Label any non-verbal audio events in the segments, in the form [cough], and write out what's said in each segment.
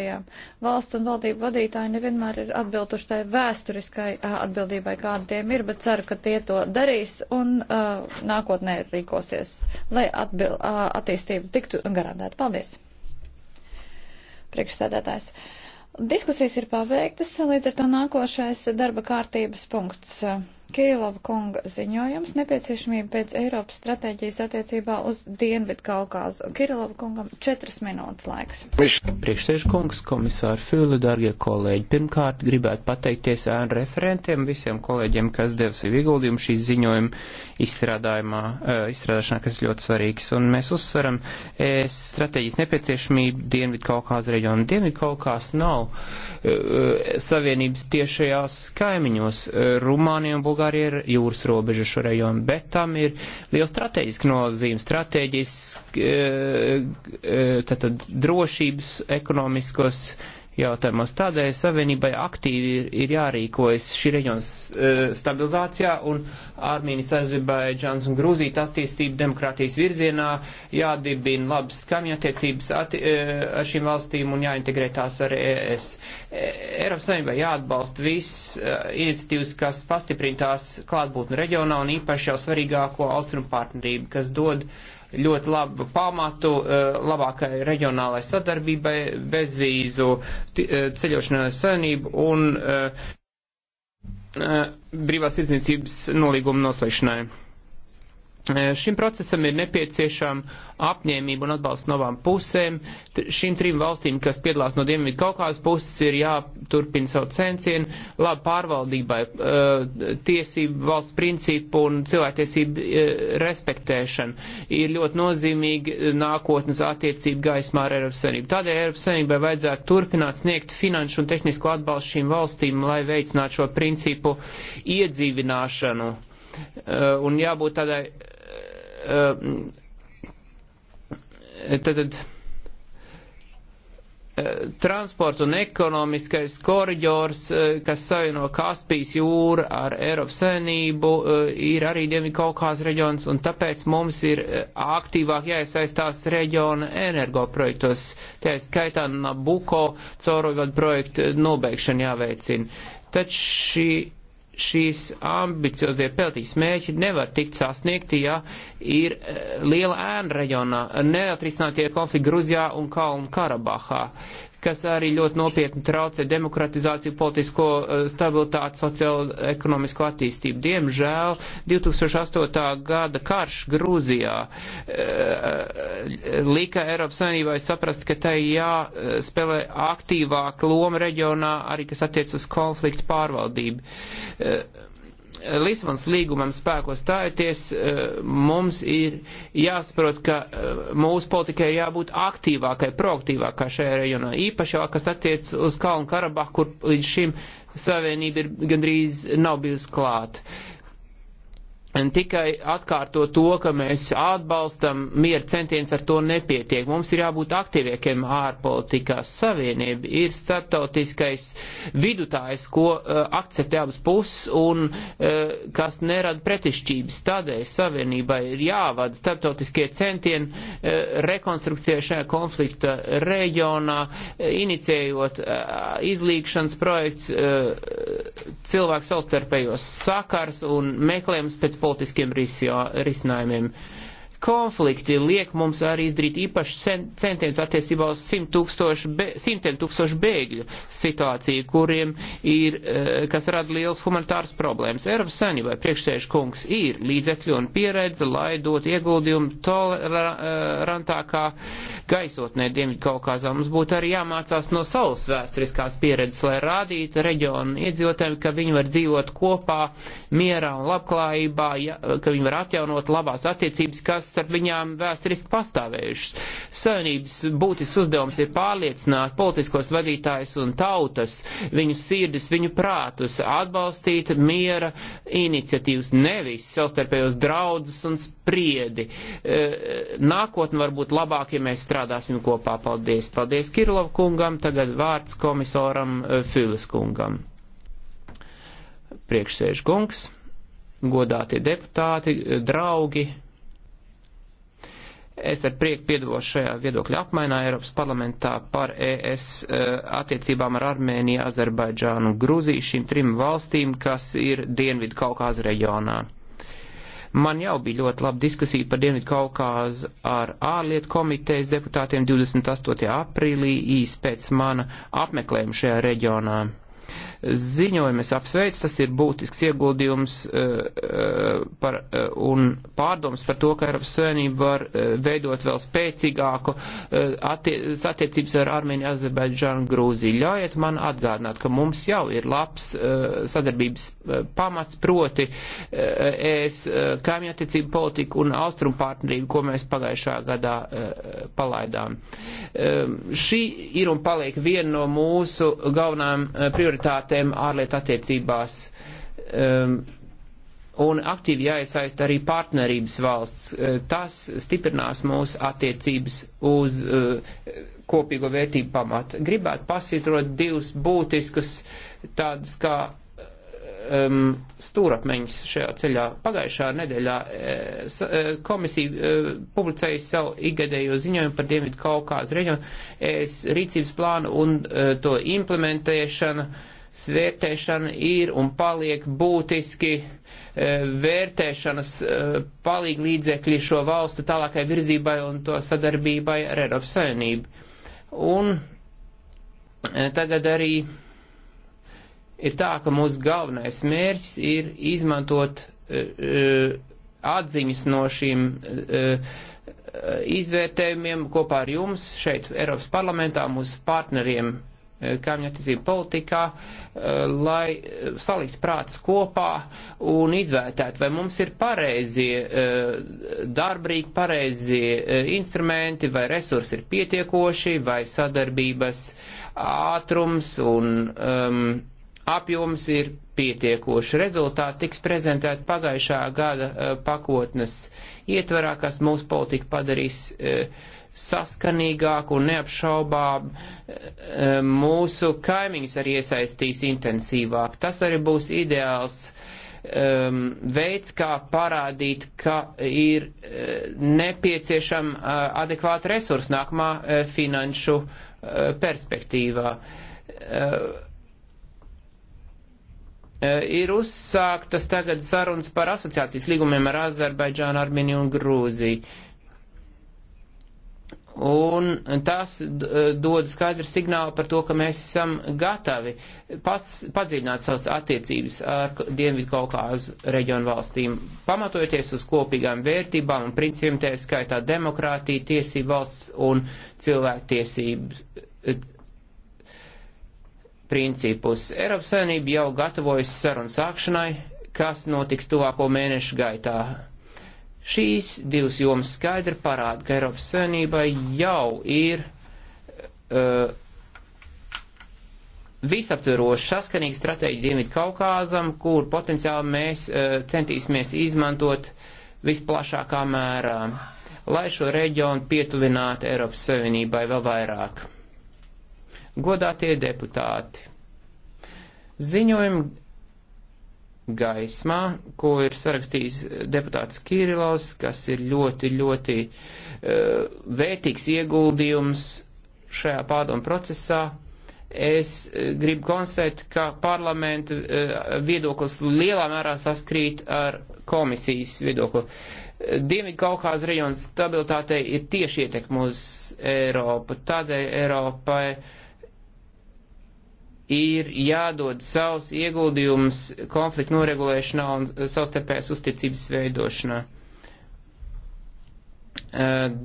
iespējām. Valstu un valdību vadītāji nevienmēr ir atbilduši tai vēsturiskai atbildībai, kāda tiem ir, bet ceru, ka tie to darīs un uh, nākotnē rīkosies, lai atbil, uh, attīstība tiktu garantēta. Paldies! Priekšstādātājs. Diskusijas ir paveiktas, līdz ar to nākošais darba kārtības punkts. Uh, Kīlova kunga ziņojums nepieciešamība pēc Eiropas stratēģijas attiecībā uz Dienvidu Kaukāzu. Kirilova kungam četras minūtes laiks. Priekšsēžkungs, komisāri Füle, dargie kolēģi, pirmkārt gribētu pateikties ēnu referentiem, visiem kolēģiem, kas deva sev ieguldījumu šī ziņojuma izstrādājumā, izstrādāšanā, kas ļoti svarīgs. Un mēs uzsveram stratēģijas nepieciešamību Dienvidu Kaukāzu reģionu. Dienvidu Kaukās nav savienības tiešajās kaimiņos. Rumānija un Bulgārija Bulgārija ir jūras robeža šo rajonu, bet tam ir liela strateģiska nozīme, strateģiska, eh, eh, tātad drošības, ekonomiskos uh, jautājumos. Tādēļ Savienībai aktīvi ir, ir jārīkojas šī reģiona e, stabilizācijā un Armīnijas, Azerbaidžāns un Grūzijas attīstība demokrātijas virzienā jādibina labas skamja attiecības atti, e, ar šīm valstīm un jāintegrē tās ar ES. E, Eiropas Savienībai jāatbalsta viss iniciatīvas, kas pastiprina tās klātbūtni reģionā un īpaši jau svarīgāko austrumu partnerību, kas dod uh, ļoti labu pamatu eh, labākai reģionālai sadarbībai, bezvīzu eh, ceļošanai uz savienību un eh, brīvās izniecības nolīguma noslēgšanai. Šim procesam ir nepieciešama apņēmība un atbalsts no abām pusēm. Šīm trim valstīm, kas piedalās no Dienvidu Kaukās puses, ir jāturpina savu centienu labi pārvaldībai, tiesību valsts principu un cilvēktiesību respektēšanu. Ir ļoti nozīmīgi nākotnes attiecību gaismā ar Eiropas Savienību. Tādēļ Eiropas Savienībai vajadzētu turpināt sniegt finanšu un tehnisko atbalstu šīm valstīm, lai veicinātu šo principu iedzīvināšanu. Un jābūt tādai Tātad um, uh, transports un ekonomiskais koridors, uh, kas savieno Kaspijas jūru ar Eiropas savienību, uh, ir arī Dienvidkaukās reģions, un tāpēc mums ir aktīvāk jāiesaistās reģiona energoprojektos. Tā ir skaitā Nabuko caurovadu projektu nobeigšana jāveicina. Taču šī šīs ambiciozie peltīgas mēķi nevar tikt sasniegti, ja ir eh, liela ēna reģionā, neatrisinātie konflikti Gruzijā un Kalnu Karabahā kas arī ļoti nopietni traucē demokratizāciju, politisko eh, stabilitāti, sociālo ekonomisko attīstību. Diemžēl 2008. gada karš Grūzijā eh, lika Eiropas Savienībai saprast, ka tai jāspēlē eh, aktīvāk loma reģionā, arī kas attiec uz konfliktu pārvaldību Lisbonas līgumam spēko stājoties, eh, mums ir jāsaprot, ka eh, mūsu politikai jābūt aktīvākai, proaktīvākai šajā reģionā. Īpaši vēl, kas attiec uz Kalnu Karabahu, kur līdz šim savienība ir gandrīz nav bijusi klāta. Un tikai atkārto to, ka mēs atbalstam mieru centienus, ar to nepietiek. Mums ir jābūt aktīviekiem ārpolitikā. Savienība ir startautiskais vidutājs, ko uh, akceptē abas puses un uh, kas nerada pretišķības. Tādēļ Savienībai ir jāvada startautiskie centieni uh, rekonstrukcijai šajā konflikta reģionā, uh, inicējot uh, izlīkšanas projekts, uh, cilvēku savstarpējos sakars un meklējums pēc politikas politiskiem risjo, risinājumiem. Uh, konflikti liek mums arī izdarīt īpašu centienus attiecībā uz tūkstošu be, simtiem tūkstošu bēgļu situāciju, kuriem ir, eh, kas rada liels humanitārs problēmas. Eiropas saimnībai priekšsēžu kungs ir līdzekļi un pieredze, lai dot ieguldījumu tolerantākā eh, gaisotnē Dienvidkaukāzā. Mums būtu arī jāmācās no savas vēsturiskās pieredzes, lai rādītu reģionu iedzīvotājiem, ka viņi var dzīvot kopā mierā un labklājībā, ja, ka viņi var atjaunot labās attiecības, kas kas starp viņām vēsturiski pastāvējušas. Savienības būtisks uzdevums ir pārliecināt politiskos vadītājus un tautas, viņu sirdis, viņu prātus, atbalstīt miera iniciatīvas, nevis savstarpējos draudzes un spriedi. E, nākotne var būt labāk, ja mēs strādāsim kopā. Paldies! Paldies Kirilov kungam, tagad vārds komisoram e, Filis kungam priekšsēžu kungs, godātie deputāti, e, draugi, Es ar prieku piedalos šajā viedokļa apmainā Eiropas parlamentā par ES eh, attiecībām ar Armēniju, Azerbaidžānu, Gruziju, šīm trim valstīm, kas ir Dienvidu Kaukāza reģionā. Man jau bija ļoti laba diskusija par Dienvidu Kaukāzu ar ārlietu komitejas deputātiem 28. aprīlī īs pēc mana apmeklējuma šajā reģionā ziņojumu es apsveicu, tas ir būtisks ieguldījums e, e, par, e, un pārdoms par to, ka Eiropas Savienība var veidot vēl spēcīgāku attie, attiecības ar Armēniju, Azerbaidžānu, Grūziju. Ļaujiet man atgādināt, ka mums jau ir labs sadarbības pamats, proti es kaimiņattiecību politiku un austrumu partnerību, ko mēs pagājušā gadā palaidām. Šī ir un paliek viena no mūsu galvenām prioritātēm realitātēm ārlietu attiecībās. Um, un aktīvi jāiesaist arī partnerības valsts. Uh, tas stiprinās mūsu attiecības uz uh, kopīgo vērtību pamatu. Gribētu pasvitrot divus būtiskus tādus kā um, stūrapmeņus šajā ceļā. Pagājušā nedēļā e, komisija e, publicēja savu igadējo ziņojumu par Dienvidu Kaukāzu reģionu, es rīcības plānu un e, to implementēšanu. E, svērtēšana ir un paliek būtiski e, vērtēšanas e, palīgi līdzekļi šo valstu tālākai virzībai un to sadarbībai ar Eiropas Savienību. Un e, tagad arī ir tā, ka mūsu galvenais mērķis ir izmantot atziņas no šīm izvērtējumiem kopā ar jums šeit Eiropas parlamentā, mūsu partneriem Eh, kaimiņu attiecību politikā, eh, lai salikt prāts kopā un izvērtēt, vai mums ir pareizie eh, darbrīki, pareizie instrumenti, vai resursi ir pietiekoši, vai sadarbības ātrums un um, apjoms ir pietiekoši. Rezultāti tiks prezentēti pagājušā gada pakotnes ietvarā, kas mūsu politiku padarīs uh, saskanīgāk un neapšaubām eh, mūsu kaimiņus arī iesaistīs intensīvāk. Tas arī būs ideāls um, veids, kā parādīt, ka ir uh, eh, nepieciešama uh, eh, adekvāta resursa nākamā uh, finanšu uh, perspektīvā. Uh, ir uzsāktas tagad sarunas par asociācijas līgumiem ar Azerbaidžānu, Armēniju un Grūziju. Un tas e, dod skaidru signālu par to, ka mēs esam gatavi pas, padziļināt savas attiecības ar Dienvidu Kaukāzu reģionu valstīm, pamatojoties uz kopīgām vērtībām un principiem, tā skaitā demokrātija, tiesība valsts un cilvēktiesību e, principus. Eiropas Savienība jau gatavojas sarunu sākšanai, kas notiks tuvāko mēnešu gaitā Šīs divas jomas skaidri parāda, ka Eiropas Savienībai jau ir uh, visaptveroša saskanīga stratēģija Dienvidu Kaukāzam, kur potenciāli mēs uh, centīsimies izmantot visplašākā mērā, lai šo reģionu pietuvinātu Eiropas Savienībai vēl vairāk. Godātie deputāti! Ziņojumi gaismā, ko ir sarakstījis deputāts Kirilovs, kas ir ļoti, ļoti uh, vērtīgs ieguldījums šajā pārdomu procesā. Es uh, gribu konstatēt, ka parlamenta uh, viedoklis lielā mērā saskrīt ar komisijas viedokli. Dienvidu Kaukāzu reģionu stabilitātei ir tieši ietekma uz Eiropu, tādēļ Eiropai uh, ir jādod savs ieguldījums konfliktu noregulēšanā un e, savstarpējās uzticības veidošanā. E,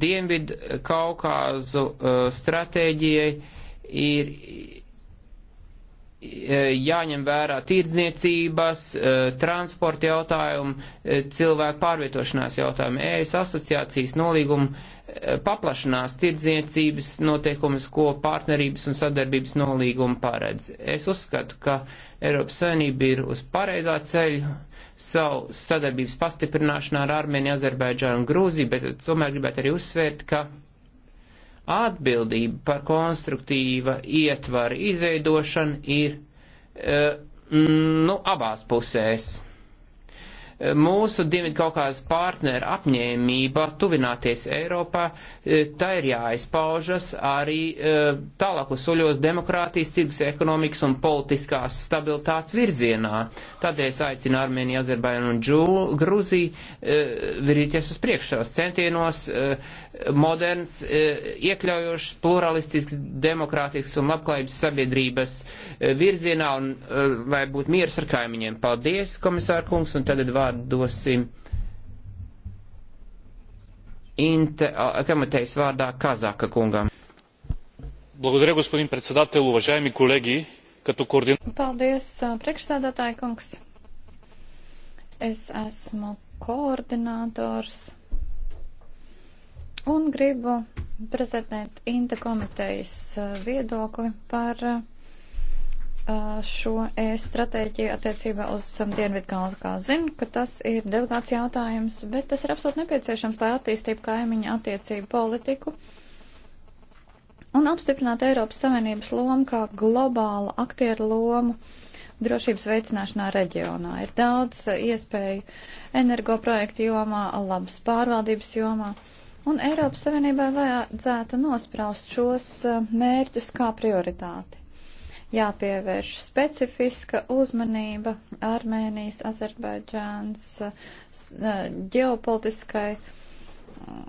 Dienvidu Kaukāzu e, stratēģijai ir jāņem vērā tirdzniecības, transporta jautājumu, cilvēku pārvietošanās jautājumu. ES asociācijas nolīguma paplašinās tirdzniecības noteikumus, ko partnerības un sadarbības nolīguma paredz. Es uzskatu, ka Eiropas Savienība ir uz pareizā ceļa savu sadarbības pastiprināšanā ar Armēniju, Azerbaidžānu un Grūziju, bet tomēr gribētu arī uzsvērt, ka atbildība par konstruktīva ietvara izveidošanu ir, uh, nu, abās pusēs. Mūsu Dienvidkaukās partneru apņēmība tuvināties Eiropā, e, tā ir jāizpaužas arī e, tālākos soļos demokrātijas, tirgus ekonomikas un politiskās stabilitātes virzienā. Tādēļ es aicinu Armēniju, Azerbaidžanu un Grūziju e, virīties uz priekšās centienos uh, moderns, e, iekļaujošs, pluralistisks, demokrātisks un labklājības sabiedrības e, virzienā un e, lai būtu miers ar kaimiņiem. Paldies, komisāra kungs, un tagad vārdu dosim Inte, komitejas vārdā Kazaka kungam. Благодаря, господин председател, уважаеми колеги, като координатор. Paldies, priekšsēdētāji kungs. Es esmu koordinators Un gribu prezentēt Inta komitejas uh, viedokli par uh, šo e-stratēģiju attiecībā uz um, Dienvidu Kalnu. Zinu, ka tas ir delegāts jautājums, bet tas ir absolūti nepieciešams, lai attīstītu kaimiņu attiecību politiku un apstiprinātu Eiropas Savienības lomu kā globālu aktieru lomu drošības veicināšanā reģionā. Ir daudz uh, iespēju energoprojektu jomā, labas pārvaldības jomā. Uh, Un Eiropas Savienībai vajadzētu nospraust šos e, mērķus kā prioritāti. Jāpievērš specifiska uzmanība Armēnijas, Azerbaidžāns e, e, ģeopolitiskai mm,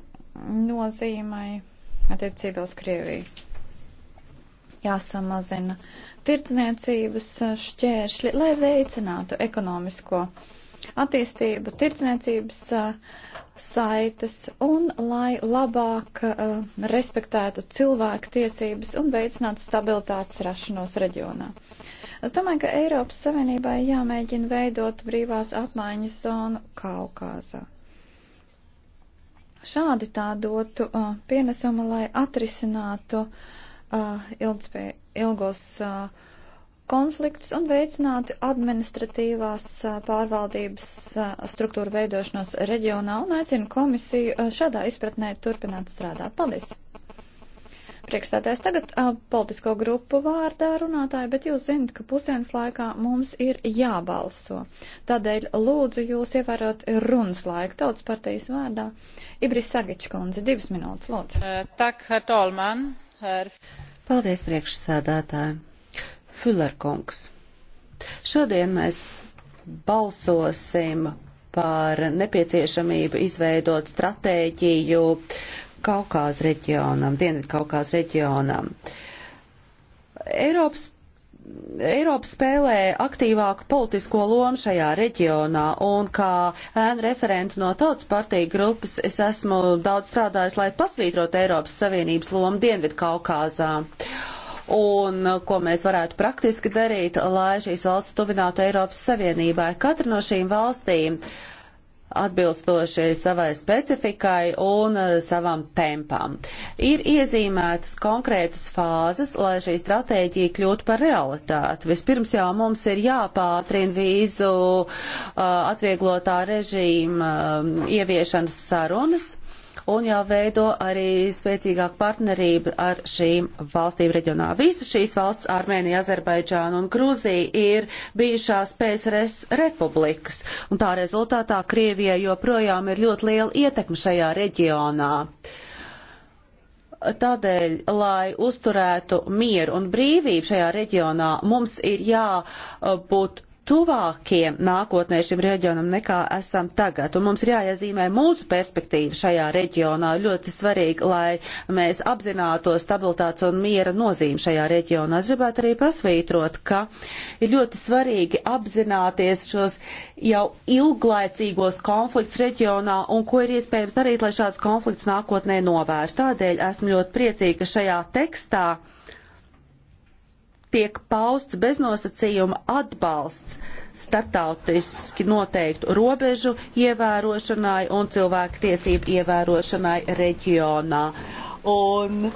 nozīmai attiecībā uz Krieviju. Jāsamazina tirdzniecības šķēršļi, lai veicinātu ekonomisko attīstību. Tirdzniecības uh, saites un lai labāk uh, respektētu cilvēku tiesības un veicinātu stabilitātes rašanos reģionā. Es domāju, ka Eiropas Savienībai jāmēģina veidot brīvās apmaiņas zonu Kaukāzā. Šādi tā dotu uh, eh, pienesumu, lai atrisinātu uh, eh, ilgspēj, ilgos uh, konfliktus un veicinātu administratīvās pārvaldības struktūru veidošanos reģionā un aicinu komisiju šādā izpratnē turpināt strādāt. Paldies! Priekšstādēs tagad politisko grupu vārdā runātāji, bet jūs zinat, ka pusdienas laikā mums ir jābalso. Tādēļ lūdzu jūs ievērot runas laiku tautas partijas vārdā. Ibris Sagičkundze, divas minūtes, lūdzu. Tak, Herr Tolman. Paldies, priekšsādātāji. Füllerkungs. Šodien mēs balsosim par nepieciešamību izveidot stratēģiju Kaukās reģionam, Dienvidkaukās reģionam. Eiropas Eiropa spēlē aktīvāku politisko lomu šajā reģionā, un kā ēna referenta no Tautas partija grupas es esmu daudz strādājis, lai pasvītrotu Eiropas Savienības lomu Dienvidkaukāzā. Uh, un uh, ko mēs varētu praktiski darīt, lai šīs valsts tuvinātu Eiropas Savienībai. Katra no šīm valstīm atbilstoši savai specifikai un uh, savam tempam. Ir iezīmētas konkrētas fāzes, lai šī stratēģija kļūtu par realitāti. Vispirms jau mums ir jāpātrina vīzu uh, atvieglotā režīma um, ieviešanas sarunas un jāveido arī spēcīgāka partnerība ar šīm valstīm reģionā. Visas šīs valsts, Armēnija, Azerbaidžāna un Gruzija, ir bijušās PSRS republikas, un tā rezultātā Krievijai joprojām ir ļoti liela ietekme šajā reģionā. Tādēļ, lai uzturētu mieru un brīvību šajā reģionā, mums ir jābūt tuvākiem nākotnē šim reģionam nekā esam tagad. Un mums ir jāiezīmē mūsu perspektīva šajā reģionā. Ļoti svarīgi, lai mēs apzinātu stabilitātes un miera nozīmi šajā reģionā. Es gribētu arī pasvītrot, ka ir ļoti svarīgi apzināties šos jau ilglaicīgos konfliktus reģionā un ko ir iespējams darīt, lai šāds konflikts nākotnē novērst. Tādēļ esmu ļoti priecīga, ka šajā tekstā tiek pausts beznosacījuma atbalsts startautiski noteiktu robežu ievērošanai un cilvēku tiesību ievērošanai reģionā. Un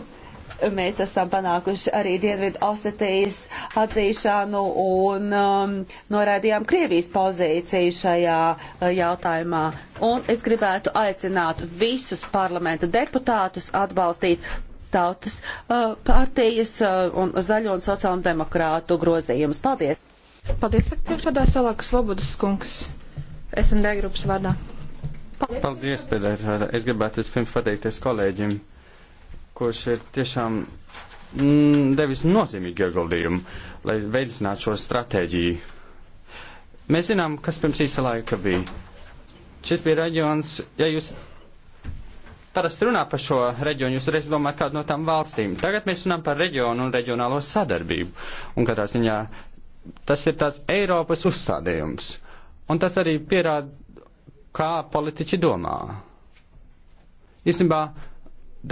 mēs esam panākuši arī Dienvidu Osetijas atzīšanu un um, norādījām Krievijas pozīciju šajā uh, jautājumā. Un es gribētu aicināt visus parlamenta deputātus atbalstīt tautas uh, partijas uh, un zaļo un sociālu demokrātu grozījumus. Paldies! Paldies, saka priekšādās tālāk Svobodas kungs, SND grupas vārdā. Paldies, Paldies pēdējā. Es gribētu vispirms pateikties kolēģim, kurš ir tiešām mm, devis nozīmīgu ieguldījumu, lai veicinātu šo stratēģiju. Mēs zinām, kas pirms īsa laika bija. Šis bija reģions, ja jūs parasti runā par šo reģionu, jūs reiz domājat kādu no tām valstīm. Tagad mēs runājam par reģionu un reģionālo sadarbību. Un katrā ziņā tas ir tāds Eiropas uzstādījums. Un tas arī pierāda, kā politiķi domā. Īstenībā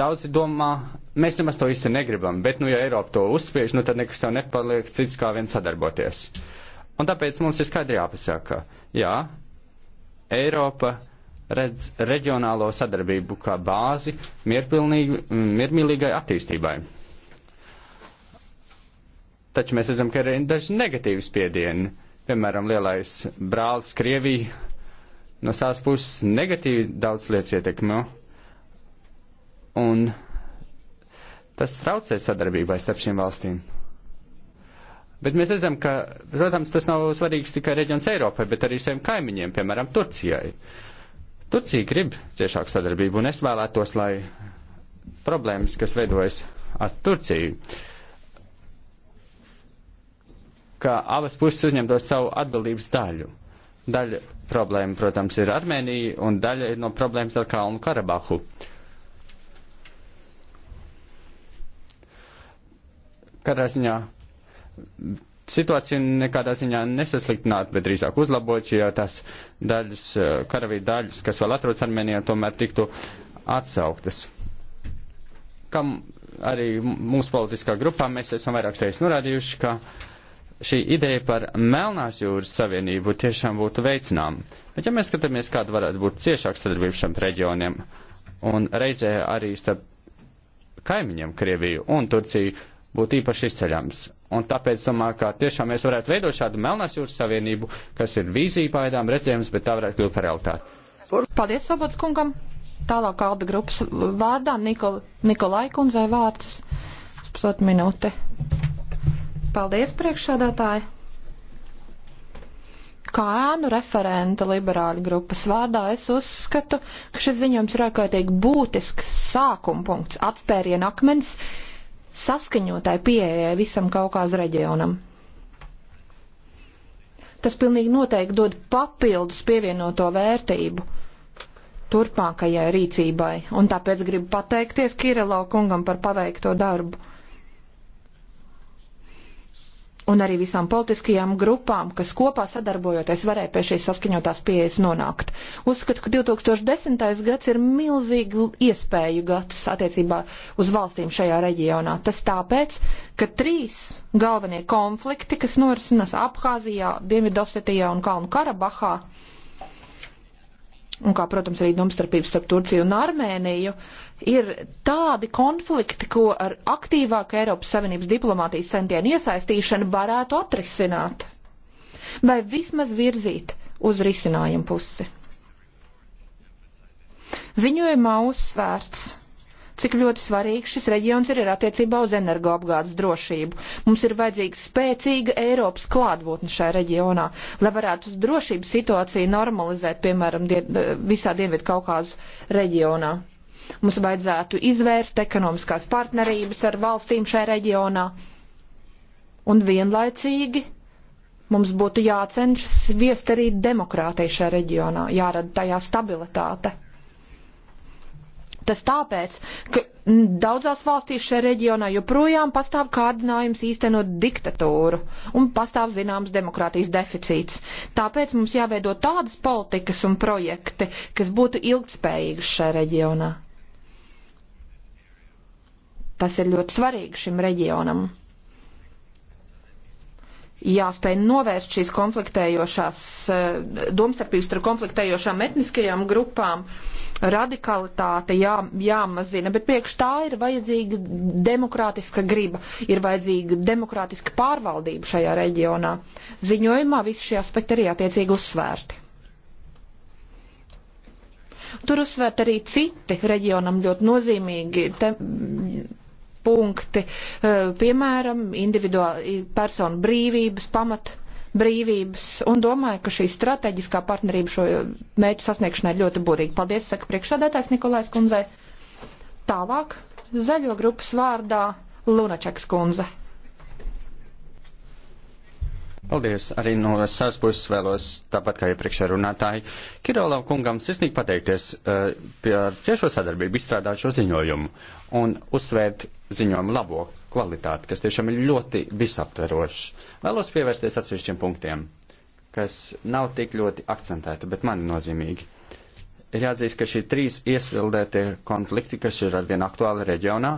daudzi domā, mēs nemaz to īsti negribam, bet nu, ja Eiropa to uzspiež, nu tad nekas jau nepaliek cits kā vien sadarboties. Un tāpēc mums ir skaidri jāpasaka, jā, Eiropa redz reģionālo sadarbību kā bāzi miermīlīgai attīstībai. Taču mēs redzam, ka ir daži negatīvi spiedieni. Piemēram, lielais brālis Krievija no savas puses negatīvi daudz lietas ietekmē. Un tas traucē sadarbībai starp šīm valstīm. Bet mēs redzam, ka, protams, tas nav svarīgs tikai reģions Eiropai, bet arī saviem kaimiņiem, piemēram, Turcijai. Uh, Turcija grib ciešāku sadarbību, un es vēlētos, lai problēmas, kas veidojas ar Turciju, ka abas puses uzņemtos savu atbildības daļu. Daļa problēma, protams, ir Armēnija, un daļa ir no problēmas ar Kalnu Karabahu. Katrā ziņā situāciju nekādā ziņā nesasliktināt, bet drīzāk uzlabot, ja tās daļas, eh, karavīdu daļas, kas vēl atrodas Armēnijā, tomēr tiktu atsauktas. Kam arī mūsu politiskā grupā mēs esam vairākas reizes norādījuši, ka šī ideja par Melnās jūras savienību tiešām būtu veicinām. Bet ja mēs skatāmies, kāda varētu būt ciešāka sadarbība šiem reģioniem, un reizē arī starp kaimiņiem Krieviju un Turciju būtu īpaši izceļams. Un tāpēc domāju, ka tiešām mēs varētu veidot šādu Melnās jūras savienību, kas ir vīzija pagaidām redzējums, bet tā varētu kļūt par realitāti. Paldies, Sobots kungam! Tālāk Alda grupas vārdā Nikola, Nikolai kundzei vārds. Pusot minūte. Paldies, priekšsādātāji! Kā ēnu referenta liberāļu grupas vārdā es uzskatu, ka šis ziņojums ir ārkārtīgi būtisks sākuma punkts, atspērienu akmens saskaņotai pieejai visam Kaukās reģionam. Tas pilnīgi noteikti dod papildus pievienoto vērtību turpmākajai rīcībai, un tāpēc gribu pateikties Kirilov kungam par paveikto darbu un arī visām politiskajām grupām, kas kopā sadarbojoties varēja pie šīs saskaņotās pieejas nonākt. Uzskatu, ka 2010. gads ir milzīgi iespēju gads attiecībā uz valstīm šajā reģionā. Tas tāpēc, ka trīs galvenie konflikti, kas norisinās Abhāzijā, Dienvidosetijā un Kalnu Karabahā, un kā, protams, arī domstarpības starp Turciju un Armēniju, uh, ir tādi konflikti, ko ar aktīvāku Eiropas Savienības diplomātijas centienu iesaistīšanu varētu atrisināt vai vismaz virzīt uz risinājumu pusi. Ziņojumā uzsvērts, cik ļoti svarīgs šis reģions ir, ir attiecībā uz energoapgādes drošību. Mums ir vajadzīga spēcīga Eiropas klātbūtne šajā reģionā, lai varētu uz drošības situāciju normalizēt, piemēram, die, visā Dienvidu Kaukāzu reģionā Mums vajadzētu izvērt ekonomiskās partnerības ar valstīm šajā reģionā. Un vienlaicīgi mums būtu jācenšas viest arī demokrātiju šajā reģionā, jārada tajā stabilitāte. Tas tāpēc, ka daudzās valstīs šajā reģionā joprojām pastāv kārdinājums īstenot diktatūru un pastāv zināms demokrātijas deficīts. Tāpēc mums jāveido tādas politikas un projekti, kas būtu ilgtspējīgas šajā reģionā. Tas ir ļoti svarīgi šim reģionam. Jāspēj novērst šīs konfliktējošās, eh, domstarpības ar konfliktējošām etniskajām grupām, radikalitāte jā, jāmazina, bet priekš tā ir vajadzīga demokrātiska griba, ir vajadzīga demokrātiska pārvaldība šajā reģionā. Ziņojumā visi šie aspekti arī attiecīgi uzsvērti. Tur uzsvērt arī citi reģionam ļoti nozīmīgi te, punkti, eh, piemēram, individuāli personu brīvības pamat brīvības, un domāju, ka šī strateģiskā partnerība šo mērķu sasniegšanai ir ļoti būtīga. Paldies, saka priekšsādātājs Nikolais kundzei. Tālāk, zaļo grupas vārdā Lunačeks kundze. Paldies! Arī no savas puses vēlos, tāpat kā iepriekšējā runātāji, Kirolam kungam sirsnīgi pateikties uh, eh, par ciešo sadarbību izstrādāt šo ziņojumu un uzsvērt ziņojumu labo kvalitāti, kas tiešām ir ļoti visaptverošs. Vēlos pievērsties atsevišķiem punktiem, kas nav tik ļoti akcentēti, bet man ir nozīmīgi. Ir jāatzīst, ka šie trīs iesildētie konflikti, kas ir arvien aktuāli reģionā,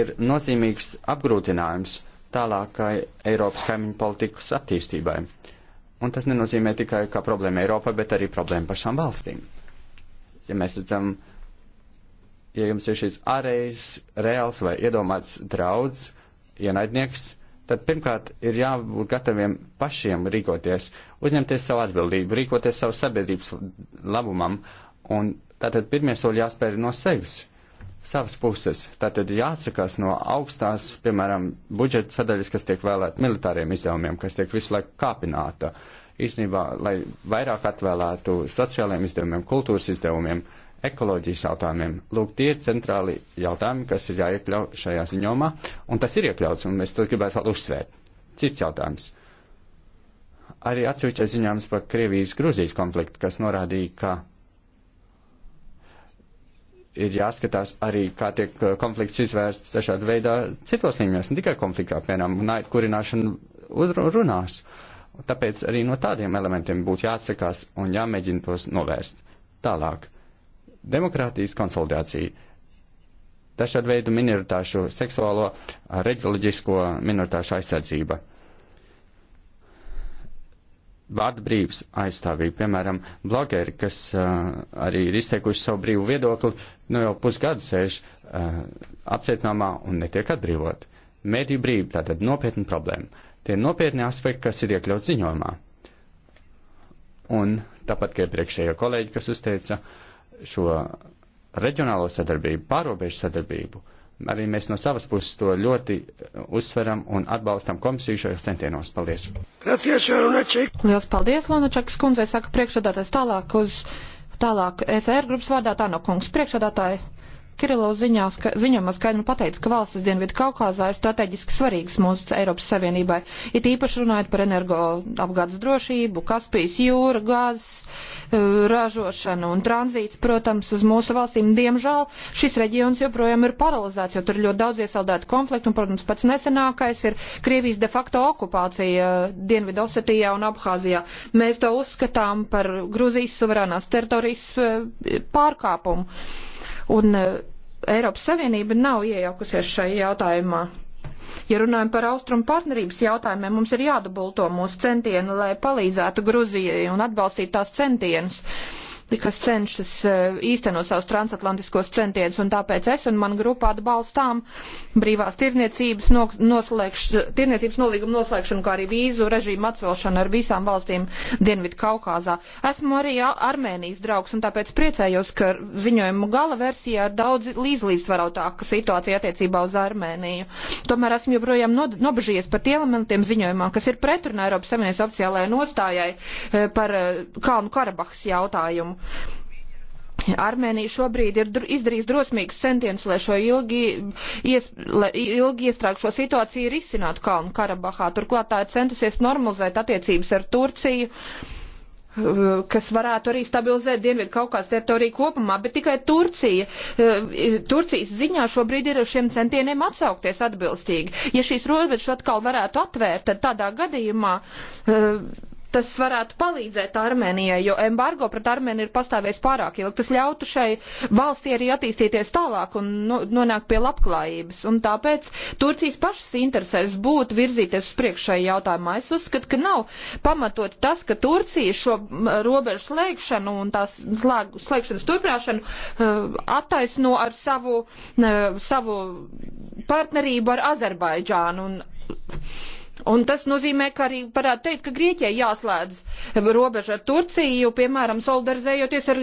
ir nozīmīgs apgrūtinājums tālākai Eiropas kaimiņu politikas attīstībai. Un tas nenozīmē tikai kā problēma Eiropai, bet arī problēma pašām valstīm. Ja mēs redzam, ja jums ir šis ārējs, reāls vai iedomāts draudz, ienaidnieks, tad pirmkārt ir jābūt gataviem pašiem rīkoties, uzņemties savu atbildību, rīkoties savu sabiedrības labumam, un tātad pirmie soļi jāspēr no sevis savas puses. Tātad jāatsakās no augstās, piemēram, budžeta sadaļas, kas tiek vēlēta militāriem izdevumiem, kas tiek visu laiku kāpināta. Īsnībā, lai vairāk atvēlētu sociālajiem izdevumiem, kultūras izdevumiem, ekoloģijas jautājumiem. Lūk, tie ir centrāli jautājumi, kas ir jāiekļau šajā ziņomā, un tas ir iekļauts, un mēs to gribētu vēl uzsvērt. Cits jautājums. Arī atsevišķais ziņojums par Krievijas-Gruzijas konfliktu, kas norādīja, ka ir jāskatās arī, kā tiek eh, konflikts izvērsts dažādi veidā citos līmeņos, ne tikai konfliktā, piemēram, naidu kurināšana runās. Tāpēc arī no tādiem elementiem būtu jāatsakās un jāmēģina tos novērst. Tālāk. Demokrātijas konsolidācija. Dažādu veidu minoritāšu seksuālo, reģioloģisko minoritāšu aizsardzība vārda brīvs aizstāvību. Piemēram, blogeri, kas uh, arī ir izteikuši savu brīvu viedokli, nu jau pusgadu sēž uh, apcietnāmā un netiek atbrīvot. Mēdīju brīvība tātad nopietna problēma. Tie ir nopietni aspekti, kas ir iekļauts ziņojumā. Un tāpat kā iepriekšējie kolēģi, kas uzteica šo reģionālo sadarbību, pārobežu sadarbību, uh, arī mēs no savas puses to ļoti uzsveram un atbalstam komisiju šajos centienos. Paldies! Lielas paldies, Lunačakas kundzei, saka priekšsēdētājs tālāk uz tālāk ECR grupas vārdā, tā no kungs priekšsēdētāja. Kirilo ziņā, ska, ziņojumā skaidri pateica, ka valstis Dienvidu Kaukāzā ir strateģiski svarīgas mūsu Eiropas Savienībai, it īpaši runājot par energo apgādes drošību, Kaspijas jūra, gāzes eh, ražošanu un tranzīts, protams, uz mūsu valstīm. Diemžēl šis reģions joprojām ir paralizēts, jo tur ir ļoti daudz iesaldētu konfliktu un, protams, pats nesenākais ir Krievijas de facto okupācija eh, Dienvidu Osetijā un Abhāzijā. Mēs to uzskatām par Gruzijas suverēnās teritorijas eh, pārkāpumu. Un Eiropas Savienība nav iejaukusies šajā jautājumā. Ja runājam par austrumu partnerības jautājumiem, mums ir jādubulto mūsu centieni, lai palīdzētu Gruzijai un atbalstītu tās centienus. Uh, kas cenšas eh, īstenot savus transatlantiskos centienus, un tāpēc es un man grupa atbalstām brīvās tirniecības, noslēgš, tirniecības nolīguma noslēgšanu, kā arī vīzu režīmu atcelšanu ar visām valstīm Dienvidu Kaukāzā. Esmu arī Armēnijas draugs, un tāpēc priecējos, ka ziņojumu gala versijā ir daudz līdzlīdzvarotāka situācija attiecībā uz Armēniju. Tomēr esmu joprojām nobežījies par tiem elementiem ziņojumā, kas ir pretrunā Eiropas Savienības oficiālajai nostājai eh, par eh, Kalnu Karabahas jautājumu Armēnija šobrīd ir dr izdarījis drosmīgus centienus, lai šo ilgi, ies lai ilgi iestrāgšo situāciju risinātu Kalnu Karabahā. Turklāt tā ir centusies normalizēt attiecības ar Turciju eh, kas varētu arī stabilizēt Dienvidu Kaukās teritoriju kopumā, bet tikai Turcija. Eh, Turcijas ziņā šobrīd ir uz šiem centieniem atsaukties atbilstīgi. Ja šīs robežas atkal varētu atvērt, tad tādā gadījumā eh, tas varētu palīdzēt Armēnijai, jo embargo pret Armēniju ir pastāvējis pārāk ilgi. Tas ļautu šai valstī arī attīstīties tālāk un nonākt pie labklājības. Un tāpēc Turcijas pašas interesēs būtu virzīties uz priekšu šai jautājumā. Es uzskatu, ka nav pamatot tas, ka Turcija šo robežu slēgšanu un tās slēg, slēgšanas turpināšanu uh, attaisno ar savu, uh, savu partnerību ar Azerbaidžānu. Un, Un tas nozīmē, ka arī varētu teikt, ka Grieķijai jāslēdz robeža ar Turciju, piemēram, solidarizējoties ar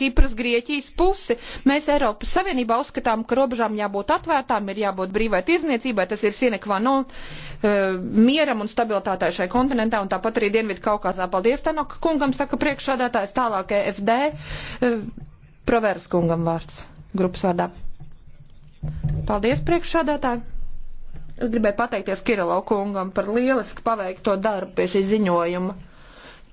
Kipras Grieķijas pusi. Mēs Eiropas Savienībā uzskatām, ka robežām jābūt atvērtām, ir jābūt brīvai tirzniecībai, tas ir sienekvā no e, mieram un stabilitātei šai kontinentā, un tāpat arī Dienvidu Kaukazā. Paldies, Tanok, kungam saka priekšādātājs tālāk EFD, e, Proveras kungam vārds grupas vārdā. Paldies, priekšādātāji! Es gribēju pateikties Kirilo kungam par lieliski paveikto darbu pie šī ziņojuma.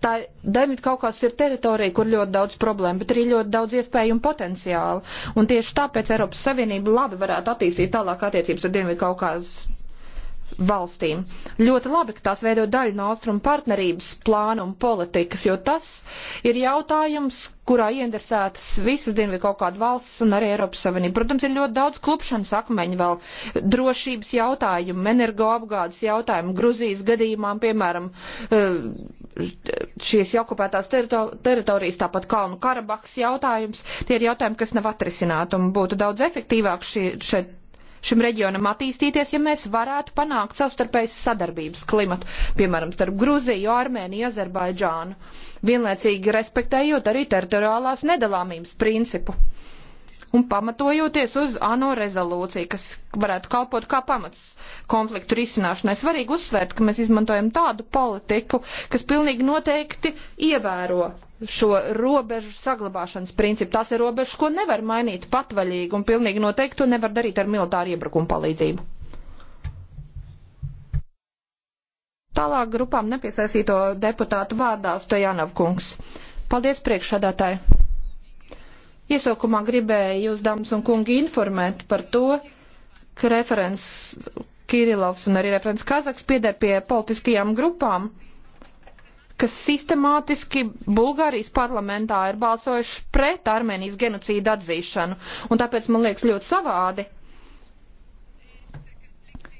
Tā Dienvidu Kaukās ir teritorija, kur ļoti daudz problēmu, bet arī ļoti daudz iespēju un potenciālu. Un tieši tāpēc Eiropas Savienība labi varētu attīstīt tālāk attiecības ar Dienvidu Kaukās valstīm. Ļoti labi, ka tās veido daļu no austrumu partnerības plāna un politikas, jo tas ir jautājums, kurā ieinteresētas visas dienvidu kaut kāda valsts un arī Eiropas Savienība. Protams, ir ļoti daudz klupšanas akmeņu vēl, drošības jautājumu, energoapgādes jautājumu, Gruzijas gadījumām, piemēram, eh, šīs okupētās teritorijas, tāpat Kalnu Karabahas jautājums. Tie ir jautājumi, kas nav atrisināti un būtu daudz efektīvāk šie, šeit šim reģionam attīstīties, ja mēs varētu panākt savstarpējas sadarbības klimatu, piemēram, starp Gruziju, Armēniju, Azerbaidžānu, vienlaicīgi respektējot arī teritoriālās nedalāmības principu un pamatojoties uz ANO rezolūciju, kas varētu kalpot kā pamats konfliktu risināšanai. Svarīgi uzsvērt, ka mēs izmantojam tādu politiku, kas pilnīgi noteikti ievēro šo robežu saglabāšanas principu. Tās ir robežas, ko nevar mainīt patvaļīgi un pilnīgi noteikti to nevar darīt ar militāru iebrukumu palīdzību. Tālāk grupām nepiesaistīto deputātu vārdā Stojanov kungs. Paldies priekšsādātāji! Iesaukumā gribēju jūs, dāmas un kungi, informēt par to, ka referents Kirilovs un arī referents Kazaks pieder pie politiskajām grupām, kas sistemātiski Bulgārijas parlamentā ir balsojuši pret Armēnijas genocīdu atzīšanu. Un tāpēc man liekas ļoti savādi,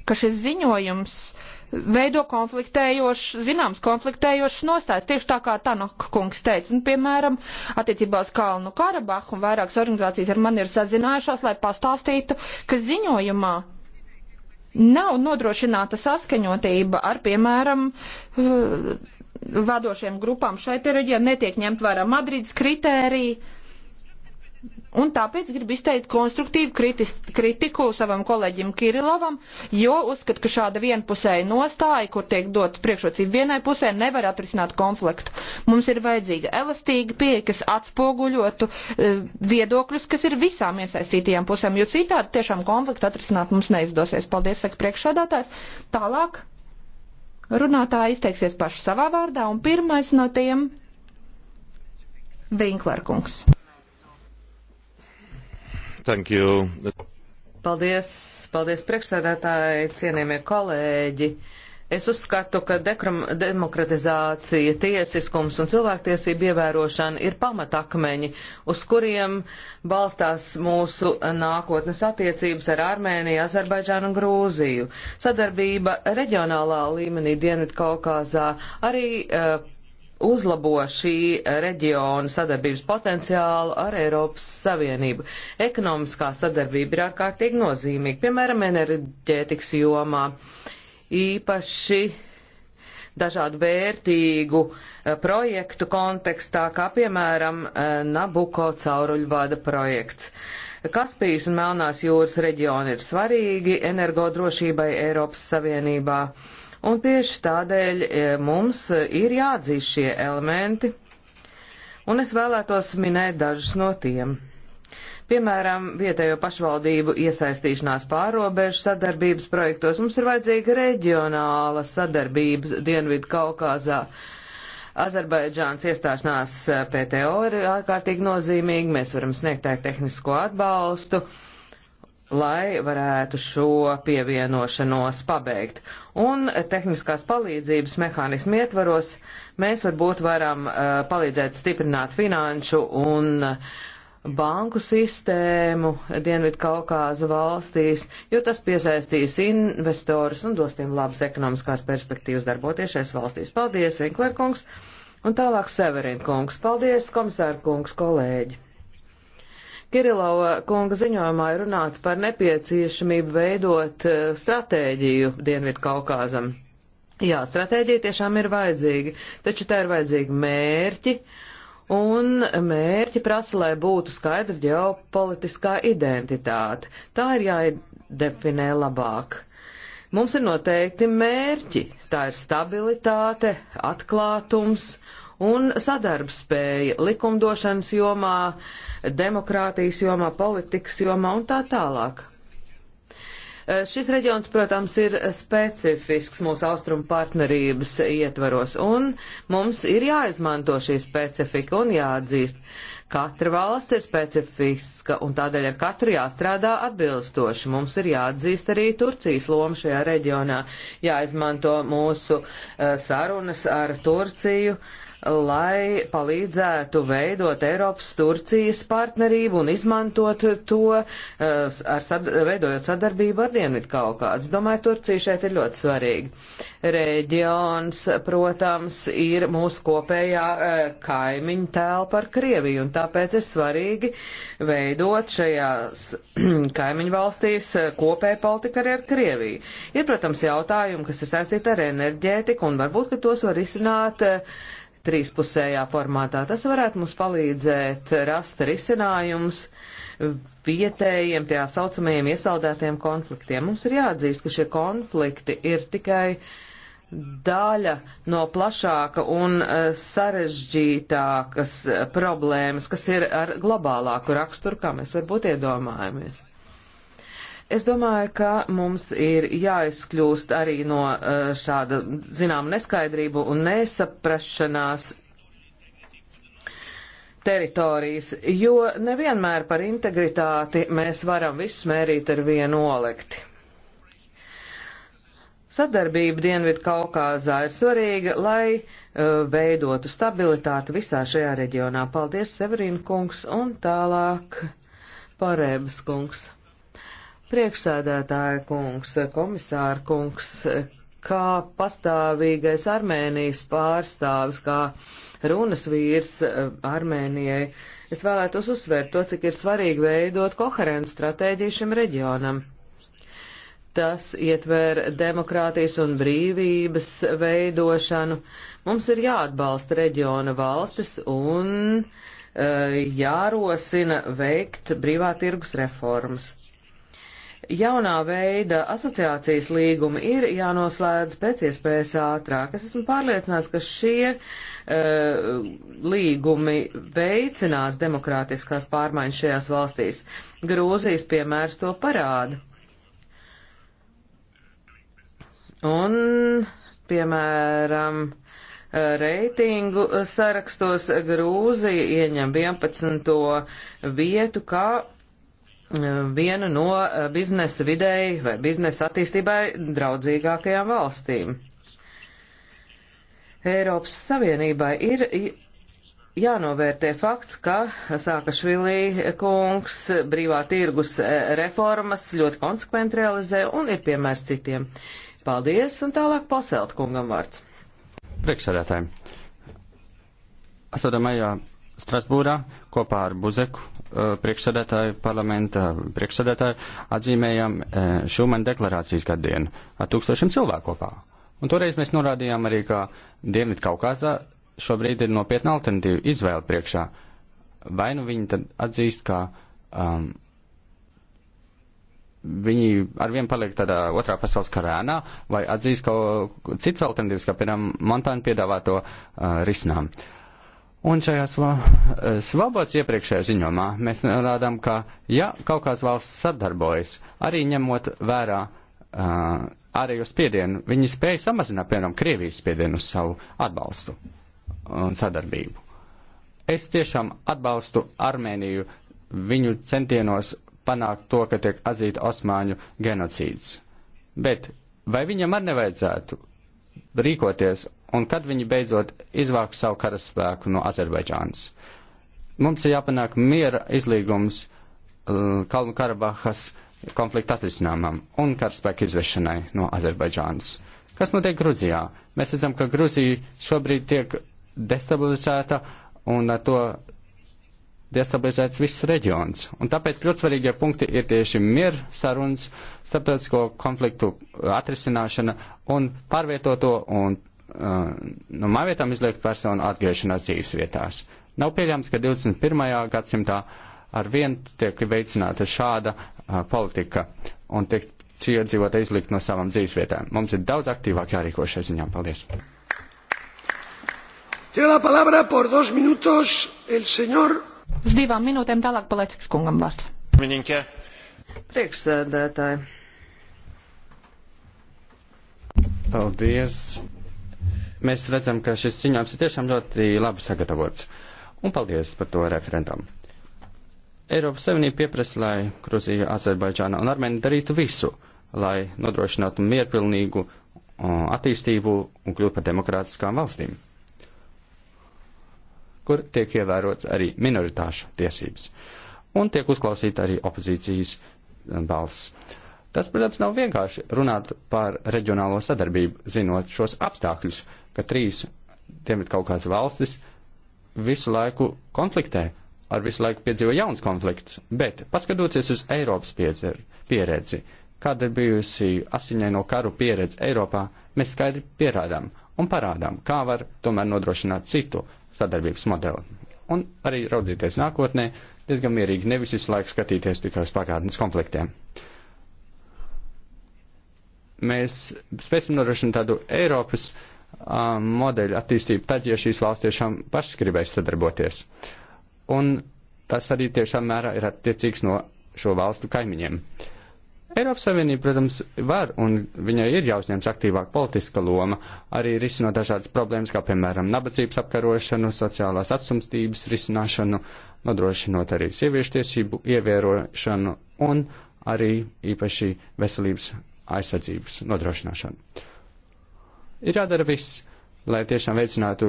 ka šis ziņojums uh, veido konfliktējošs, zināms, konfliktējošs nostājs. Tieši tā kā Tanaka kungs teica, nu, piemēram, attiecībā uz Kalnu Karabahu un vairākas organizācijas ar mani ir sazinājušās, lai pastāstītu, ka ziņojumā nav nodrošināta saskaņotība ar, piemēram, eh, vadošiem grupām šeit ir, ja netiek ņemt vērā Madrids kritērija Un tāpēc gribu izteikt konstruktīvu kritis, kritiku savam kolēģim Kirilovam, jo uzskatu, ka šāda vienpusēja nostāja, kur tiek dot priekšrocība vienai pusē, nevar atrisināt konfliktu. Mums ir vajadzīga elastīga pieeja, kas atspoguļotu e, viedokļus, kas ir visām iesaistītajām pusēm, jo citādi tiešām konfliktu atrisināt mums neizdosies. Paldies, saka priekšsādātājs. Tālāk runātāji izteiksies paši savā vārdā, un pirmais no tiem - Vinklerkungs. Thank you. Paldies, paldies priekšsēdētāji, cienījamie kolēģi. Es uzskatu, ka demokratizācija, tiesiskums un cilvēktiesība ievērošana ir pamatakmeņi, uz kuriem balstās mūsu nākotnes attiecības ar Armēniju, Azerbaidžānu un Grūziju. Sadarbība reģionālā līmenī Dienvidkaukāzā arī uh, uzlabo šī reģiona sadarbības potenciālu ar Eiropas Savienību. Ekonomiskā sadarbība ir ārkārtīgi nozīmīga, piemēram, enerģētikas jomā. Īpaši dažādu vērtīgu eh, projektu kontekstā, kā piemēram eh, Nabuko cauruļvada projekts. Kaspijas un Melnās jūras reģioni ir svarīgi energodrošībai Eiropas Savienībā. Uh, Un tieši tādēļ e, mums ir jāatzīst šie elementi, un es vēlētos minēt dažus no tiem. Piemēram, vietējo pašvaldību iesaistīšanās pārobežu sadarbības projektos mums ir vajadzīga reģionāla sadarbības Dienvidu Kaukāzā. Azerbaidžāns iestāšanās e, PTO ir ārkārtīgi nozīmīgi, mēs varam sniegt tā tehnisko atbalstu. Uh, lai varētu šo pievienošanos pabeigt. Un tehniskās palīdzības mehānismu ietvaros mēs varbūt varam uh, palīdzēt stiprināt finanšu un uh, banku sistēmu Dienvidu Kaukāza valstīs, jo tas piesaistīs investorus un dos tiem labas ekonomiskās perspektīvas darboties šais valstīs. Paldies, Vinklerkungs! Un tālāk Severin kungs. Paldies, komisārkungs, kolēģi! Kirilova kunga ziņojumā ir runāts par nepieciešamību veidot eh, stratēģiju Dienvidu Kaukāzam. Jā, stratēģija tiešām ir vajadzīga, taču tā ir vajadzīga mērķi, un mērķi prasa, lai būtu skaidra ģeopolitiskā identitāte. Tā ir jādefinē labāk. Mums ir noteikti mērķi, tā ir stabilitāte, atklātums un sadarbspēja likumdošanas jomā, demokrātijas jomā, politikas jomā un tā tālāk. Eh, šis reģions, protams, ir specifisks mūsu austrumu partnerības ietvaros, un mums ir jāizmanto šī specifika un jāatzīst. Katra valsts ir specifiska, un tādēļ ar katru jāstrādā atbilstoši. Mums ir jāatzīst arī Turcijas loma šajā reģionā, jāizmanto mūsu uh, sarunas ar Turciju, uh, lai palīdzētu veidot Eiropas-Turcijas partnerību un izmantot to, eh, ar sad veidojot sadarbību ar Dienvidkaukāzu. Domāju, Turcija šeit ir ļoti svarīga. Reģions, protams, ir mūsu kopējā eh, kaimiņu telpa ar Krieviju, un tāpēc ir svarīgi veidot šajās [clears throat] kaimiņu valstīs eh, kopēju politiku arī ar Krieviju. Ir, protams, jautājumi, kas ir saistīti ar enerģētiku, un varbūt, ka tos var izsināt uh, trīspusējā formātā. Tas varētu mums palīdzēt rast risinājums vietējiem, tā saucamajiem iesaldētiem konfliktiem. Mums ir jāatzīst, ka šie konflikti ir tikai daļa no plašāka un eh, sarežģītākas eh, problēmas, kas ir ar globālāku raksturu, kā mēs varbūt iedomājamies. Es domāju, ka mums ir jāizkļūst arī no eh, šāda, zinām, neskaidrību un nesaprašanās teritorijas, jo nevienmēr par integritāti mēs varam visu mērīt ar vienu olekti. Sadarbība Dienvidu Kaukāzā ir svarīga, lai uh, veidotu stabilitāti visā šajā reģionā. Paldies, Severīna kungs, un tālāk Parēbas kungs. Priekšsēdētāja kungs, komisāra kungs, kā pastāvīgais Armēnijas pārstāvis, kā runas vīrs eh, Armēnijai, es vēlētos uzsvērt to, cik ir svarīgi veidot koherentu stratēģiju šim reģionam. Tas ietver demokrātijas un brīvības veidošanu. Mums ir jāatbalsta reģiona valstis un uh, jārosina veikt brīvā tirgus reformas. Jaunā veida asociācijas līgumi ir jānoslēdz pēc iespējas ātrāk. Es esmu pārliecināts, ka šie uh, līgumi veicinās demokrātiskās pārmaiņas šajās valstīs. Grūzijas piemērs to parāda. Un, piemēram, eh, reitingu sarakstos Grūzija ieņem 11. vietu kā viena no eh, biznesa videi vai biznesa attīstībai draudzīgākajām valstīm. Eiropas Savienībai ir jānovērtē fakts, ka Sākašvilī kungs brīvā tirgus eh, reformas ļoti konsekventi realizē un ir piemērs citiem. Paldies, un tālāk paselt kungam vārds. Priekšsēdētājiem. 8. maijā Strasbūrā kopā ar Buzeku eh, priekšsēdētāju, parlamenta priekšsēdētāju atzīmējam eh, Šumana deklarācijas gadienu ar tūkstošiem cilvēku kopā. Un toreiz mēs norādījām arī, ka Dienvidu Kaukazā šobrīd ir nopietna alternatīva izvēle priekšā. Vai nu viņi tad atzīst, ka um, viņi arvien paliek tādā otrā pasaules karēnā, vai atzīst kaut cits alternatīvs, kā piemēram Montāna piedāvāto uh, risinājumu. Un šajā eh, svabots iepriekšējā ziņomā mēs norādām, ka ja kaut kāds valsts sadarbojas, arī ņemot vērā uh, ārējo spiedienu, viņi spēja samazināt, piemēram, Krievijas spiedienu uz savu atbalstu un sadarbību. Es tiešām atbalstu Armēniju viņu centienos panākt to, ka tiek atzīta osmāņu genocīds. Bet vai viņam arī nevajadzētu rīkoties un kad viņi beidzot izvāks savu karaspēku no Azerbaidžānas. Mums ir jāpanāk miera izlīgums uh, Kalnu Karabahas konflikta atrisinājumam un karaspēku izvešanai no Azerbaidžānas. Kas notiek Gruzijā? Mēs redzam, ka Gruzija šobrīd tiek destabilizēta un ar to destabilizēts viss reģions. Un tāpēc ļoti svarīgie punkti ir tieši mieru sarunas, starptautisko konfliktu uh, atrisināšana un pārvietoto un Uh, no mājvietām izliekt personu atgriešanās dzīves vietās. Nav pieļams, ka 21. gadsimtā ar vienu tiek veicināta šāda uh, politika un tiek šie iedzīvotāji izlikt no savām dzīves vietām. Mums ir daudz aktīvāk jārīko šai ziņā. Paldies! Uz divām minūtēm tālāk palēķis kungam vārds. Miniņķē. Priekšsēdētāji. Paldies. Mēs redzam, ka šis ziņojums ir tiešām ļoti labi sagatavots. Un paldies par to referentam. Eiropas Savienība pieprasa, lai Gruzija, Azerbaidžāna un Armēnija darītu visu, lai nodrošinātu mierpilnīgu uh, attīstību un kļūtu par demokrātiskām valstīm, kur tiek ievērots arī minoritāšu tiesības un tiek uzklausīta arī opozīcijas uh, balss. Tas, protams, nav vienkārši runāt par reģionālo sadarbību, zinot šos apstākļus, ka trīs Dienvidu kaut kādas valstis visu laiku konfliktē, ar visu laiku piedzīvo jauns konflikts, bet paskatoties uz Eiropas pieredzi, kāda ir bijusi asiņai no karu pieredze Eiropā, mēs skaidri pierādām un parādām, kā var tomēr nodrošināt citu sadarbības modeli. Un arī raudzīties nākotnē, diezgan mierīgi, nevis visu laiku skatīties tikai uz pagātnes konfliktiem. Mēs spēsim nodrošināt tādu Eiropas uh, um, modeļu attīstību, tad, ja šīs valsts tiešām pašas gribēs sadarboties. Un tas arī tiešām mērā ir attiecīgs no šo valstu kaimiņiem. Eiropas Savienība, protams, var un viņai ir jāuzņems aktīvāk politiska loma, arī risinot dažādas problēmas, kā piemēram nabadzības apkarošanu, sociālās atsumstības risināšanu, nodrošinot arī sieviešu tiesību ievērošanu un arī īpaši veselības aizsardzības nodrošināšanu. Ir jādara viss, lai tiešām veicinātu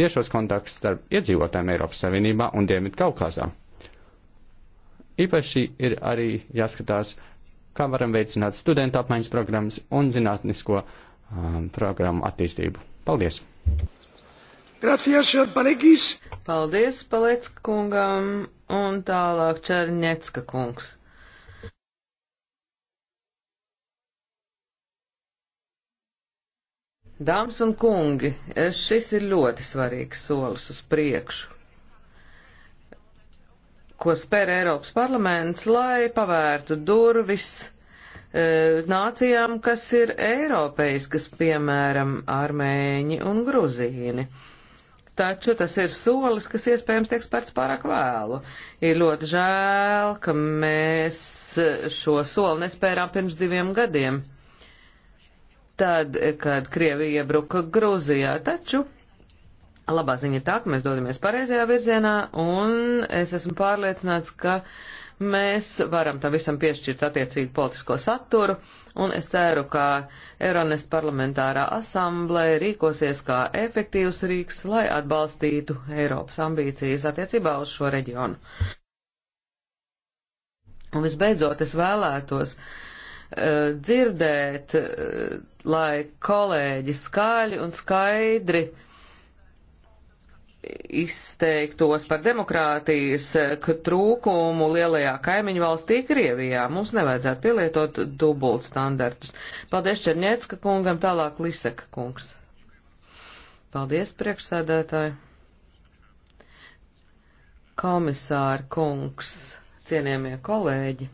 tiešos kontaktus starp iedzīvotājiem Eiropas Savienībā un Dienvidu Kaukazā. Īpaši ir arī jāskatās, kā varam veicināt studentu apmaiņas programmas un zinātnisko um, programmu attīstību. Paldies! Gracias, Palekis! Paldies, Palecka kungam, un tālāk Černiecka kungs. Dāmas un kungi, šis ir ļoti svarīgs solis uz priekšu, ko spēr Eiropas parlaments, lai pavērtu durvis e, nācijām, kas ir eiropeiskas, piemēram, armēņi un gruzīni. Taču tas ir solis, kas iespējams tiek spērts pārāk vēlu. Ir ļoti žēl, ka mēs šo soli nespērām pirms diviem gadiem tad, kad Krievija iebruka Grūzijā. Taču labā ziņa tā, ka mēs dodamies pareizajā virzienā, un es esmu pārliecināts, ka mēs varam tam visam piešķirt attiecīgu politisko saturu, un es ceru, ka Eironest parlamentārā asamblē rīkosies kā efektīvs rīks, lai atbalstītu Eiropas ambīcijas attiecībā uz šo reģionu. Un visbeidzot, es vēlētos uh, Eh, dzirdēt, eh, lai kolēģi skaļi un skaidri izteiktos par demokrātijas eh, trūkumu lielajā kaimiņu valstī Krievijā. Mums nevajadzētu pielietot dubult standartus. Paldies Černiecka kungam, tālāk Liseka kungs. Paldies, priekšsēdētāji. Komisāra kungs, cienījamie kolēģi.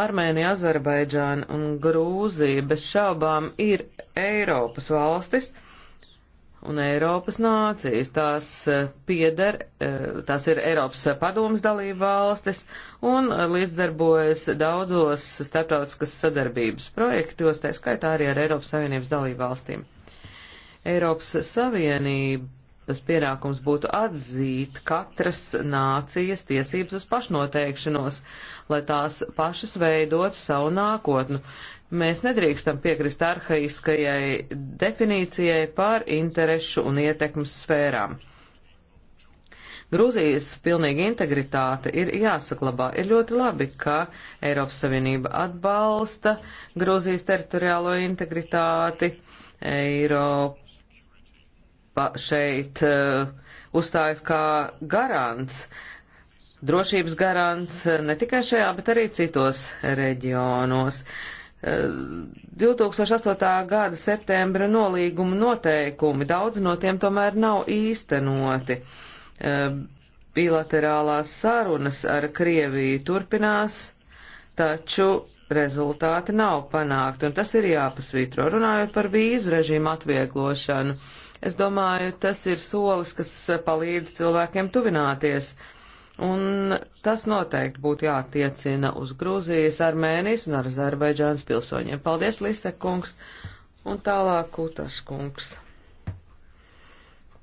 Armēnija, Azerbaidžāna un Grūzija bez šaubām ir Eiropas valstis un Eiropas nācijas. Tās eh, pieder, eh, tās ir Eiropas padomas dalība valstis un eh, līdzdarbojas daudzos starptautiskas sadarbības projektos, tā skaitā arī ar Eiropas Savienības dalību valstīm. Eiropas Savienības pienākums būtu atzīt katras nācijas tiesības uz pašnoteikšanos lai tās pašas veidotu savu nākotnu. Mēs nedrīkstam piekrist arhaiskajai definīcijai par interešu un ietekmes sfērām. Grūzijas pilnīga integritāte ir jāsaklabā. Ir ļoti labi, ka Eiropas Savienība atbalsta Grūzijas teritoriālo integritāti. Eiropa šeit uh, uzstājas kā garants uh, drošības garants eh, ne tikai šajā, bet arī citos reģionos. 2008. Eh, gada septembra nolīguma noteikumi, daudz no tiem tomēr nav īstenoti. Eh, bilaterālās sarunas ar Krieviju turpinās, taču rezultāti nav panākti, un tas ir jāpasvītro. Runājot par vīzu režīmu atvieglošanu, es domāju, tas ir solis, kas palīdz cilvēkiem tuvināties uh, Un tas noteikti būtu jātiecina uz Grūzijas, Armēnijas un Azerbaidžānas pilsoņiem. Paldies, Lise kungs, un tālāk Kutas kungs.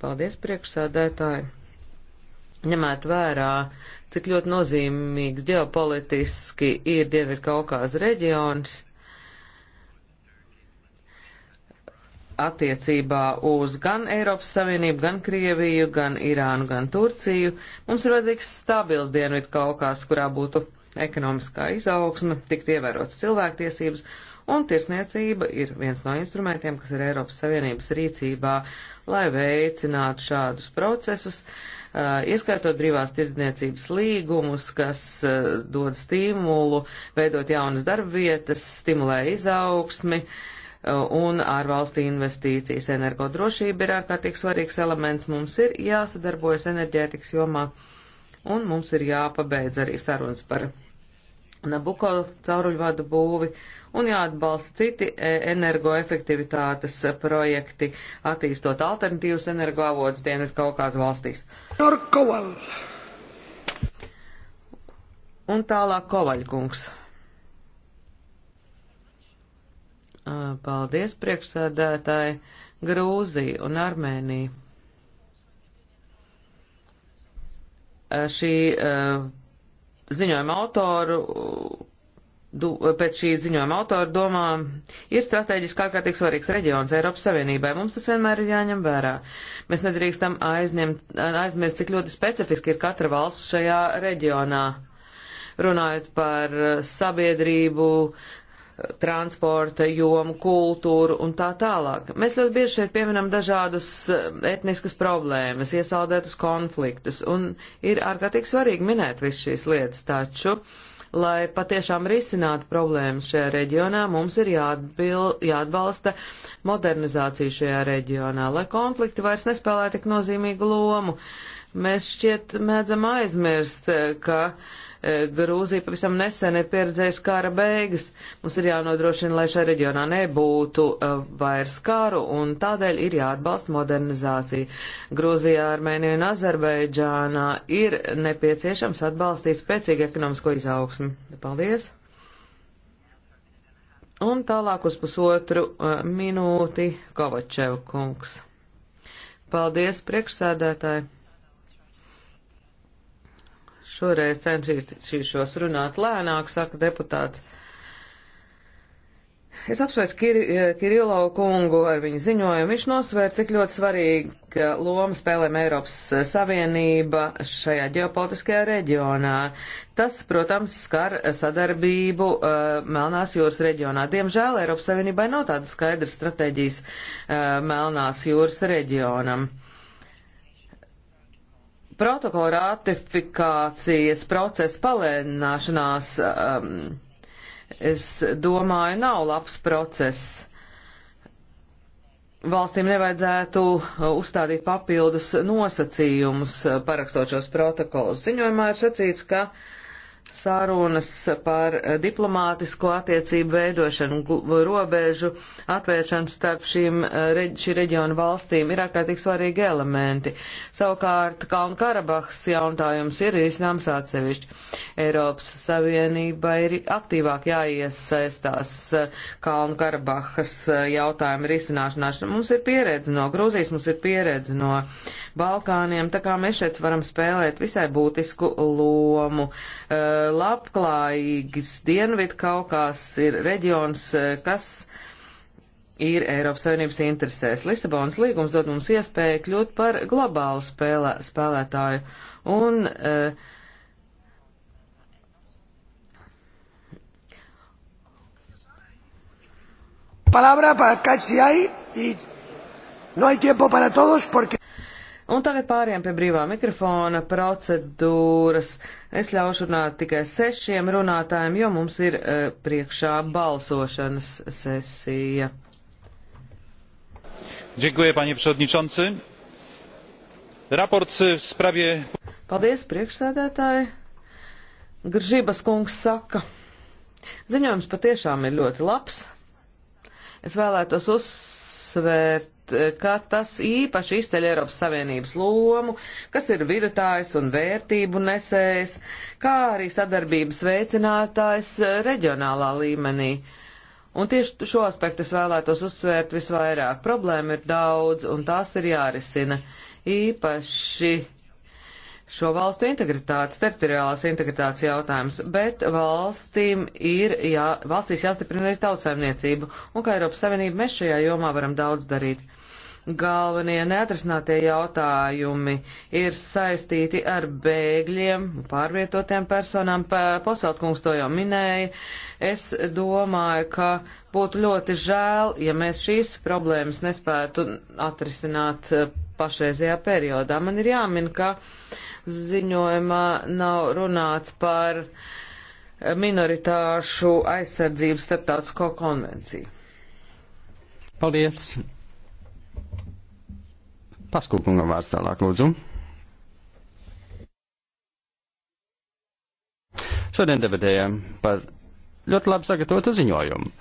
Paldies, priekšsādētāji. Ņemēt vērā, cik ļoti nozīmīgs ģeopolitiski ir Dienvidu Kaukāza reģions attiecībā uz gan Eiropas Savienību, gan Krieviju, gan Irānu, gan Turciju. Mums ir vajadzīgs stabils dienvidu kaukās, kurā būtu ekonomiskā izaugsme, tikt ievērots cilvēktiesības, un tirsniecība ir viens no instrumentiem, kas ir Eiropas Savienības rīcībā, lai veicinātu šādus procesus, ieskaitot brīvās tirdzniecības līgumus, kas dod stimulu, veidot jaunas darbvietas, stimulē izaugsmi, uh, un ārvalstu investīcijas. Energodrošība ir ārkārtīgi svarīgs elements. Mums ir jāsadarbojas enerģētikas jomā, un mums ir jāpabeidz arī sarunas par Nabuko cauruļvadu būvi un jāatbalsta citi e, energoefektivitātes projekti, attīstot alternatīvas energoavotas dienvidu Kaukās valstīs. Un tālāk Kovaļkungs. Paldies, priekšsēdētāji, Grūzija un Armēnija. Šī ziņojuma autoru, pēc šī ziņojuma autoru domā, ir strateģiski ārkārtīgi svarīgs reģions Eiropas Savienībai. Mums tas vienmēr ir jāņem vērā. Mēs nedrīkstam aizņemt, aizmirst, cik ļoti specifiski ir katra valsts šajā reģionā runājot par sabiedrību, transporta jomu, kultūru un tā tālāk. Mēs ļoti bieži šeit pieminam dažādus eh, etniskas problēmas, iesaldētus konfliktus, un ir ārkārtīgi svarīgi minēt visu šīs lietas, taču, lai patiešām risinātu problēmas šajā reģionā, mums ir jāatbil, jāatbalsta modernizācija šajā reģionā, lai konflikti vairs nespēlē tik nozīmīgu lomu. Mēs šķiet mēdzam aizmirst, eh, ka uh, E, Grūzija pavisam nesen ir pieredzējusi kara beigas. Mums ir jānodrošina, lai šajā reģionā nebūtu e, vairs karu, un tādēļ ir jāatbalsta modernizācija. Grūzijā, Armēnijā un Azerbaidžānā ir nepieciešams atbalstīt spēcīgu ekonomisko izaugsmi. Paldies! Un tālāk uz pusotru e, minūti Kovačev kungs. Paldies, priekšsēdētāji! Šoreiz centīšos runāt lēnāk, saka deputāts. Es apsveicu Kir eh, Kirilovu kungu ar viņu ziņojumu. Viņš nosvēr, cik ļoti svarīga loma spēlēm Eiropas Savienība šajā ģeopolitiskajā reģionā. Tas, protams, skar sadarbību uh, Melnās jūras reģionā. Diemžēl Eiropas Savienībai nav tādas skaidras stratēģijas uh, Melnās jūras reģionam. Uh, protokola ratifikācijas procesa palēnināšanās, um, es domāju, nav labs process. Valstīm nevajadzētu uh, uzstādīt papildus nosacījumus uh, parakstot šos protokolus. Ziņojumā ir sacīts, ka uh, sarunas par diplomātisko attiecību veidošanu, robežu atvēršanu starp šīm, šī reģiona valstīm ir ārkārtīgi svarīgi elementi. Savukārt Kalnu-Karabahas jautājums ir izņēmums atsevišķi. Eiropas Savienība ir aktīvāk jāiesaistās Kalnu-Karabahas jautājumu risināšanā. Mums ir pieredze no Grūzijas, mums ir pieredze no Balkāniem, tā kā mēs šeit varam spēlēt visai būtisku lomu. Uh, labklājīgs Dienvidu Kaukās ir reģions, eh, kas ir Eiropas Savienības interesēs. Lisabonas līgums dod mums iespēju kļūt par globālu spēlē, spēlētāju un uh, palabra para catch the eye y no hay tiempo para todos porque Un tagad pāriem pie brīvā mikrofona procedūras. Es ļaušu runāt tikai sešiem runātājiem, jo mums ir uh, priekšā balsošanas sesija. Dziękuję, panie przewodniczący. Raport w sprawie. Paldies, priekšsēdētāji. Gržības kungs saka, ziņojums patiešām ir ļoti labs. Es vēlētos uzsvērt Eh, ka tas īpaši izceļ Eiropas Savienības lomu, kas ir virtājs un vērtību nesējs, kā arī sadarbības veicinātājs eh, reģionālā līmenī. Un tieši šo aspektu es vēlētos uzsvērt visvairāk. Problēma ir daudz, un tās ir jārisina. Īpaši šo valstu integritātes, teritoriālās integritātes jautājums, bet valstīm ir, jā, valstīs jāstiprina arī tautsaimniecību, un kā Eiropas Savienība mēs šajā jomā varam daudz darīt. Galvenie neatrisinātie jautājumi ir saistīti ar bēgļiem, pārvietotiem personām. Poseltkungs to jau minēja. Es domāju, ka būtu ļoti žēl, ja mēs šīs problēmas nespētu atrisināt eh, pašreizajā periodā. Man ir jāmin, ka ziņojumā nav runāts par minoritāšu aizsardzību starptautisko konvenciju. Paldies! Paskūkungam vārds tālāk, lūdzu. Šodien debatējam par ļoti labi sagatavotu ziņojumu,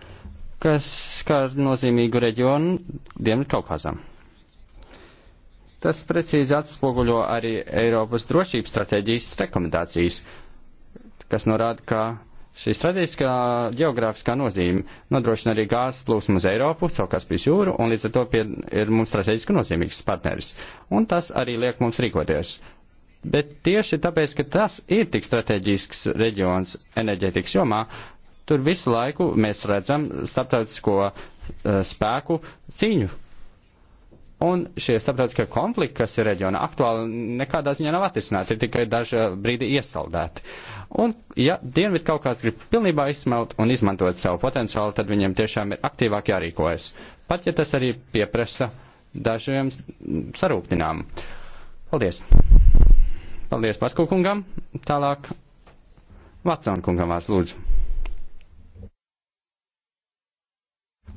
kas skar nozīmīgu reģionu Dienvidkaukāzam. Tas precīzi atspoguļo arī Eiropas drošības stratēģijas rekomendācijas, kas norāda, ka Šī strateģiskā geogrāfiskā nozīme nodrošina arī gāzes plūsmu uz Eiropu, caur Kaspijas jūru, un līdz ar to pie, ir mums strateģiski nozīmīgs partneris. Un tas arī liek mums rīkoties. Bet tieši tāpēc, ka tas ir tik strateģisks reģions enerģētikas jomā, tur visu laiku mēs redzam starptautisko uh, spēku cīņu Un šie starptautiskie konflikti, kas ir reģiona aktuāli, nekādā ziņā nav atrisināti, ir tikai daži brīdi iesaldēti. Un, ja Dienvidu kaut kāds grib pilnībā izsmelt un izmantot savu potenciālu, tad viņiem tiešām ir aktīvāk jārīkojas. Pat, ja tas arī pieprasa dažiem sarūktinām. Paldies! Paldies Paskukungam! Tālāk Vatsona kungam vārds lūdzu.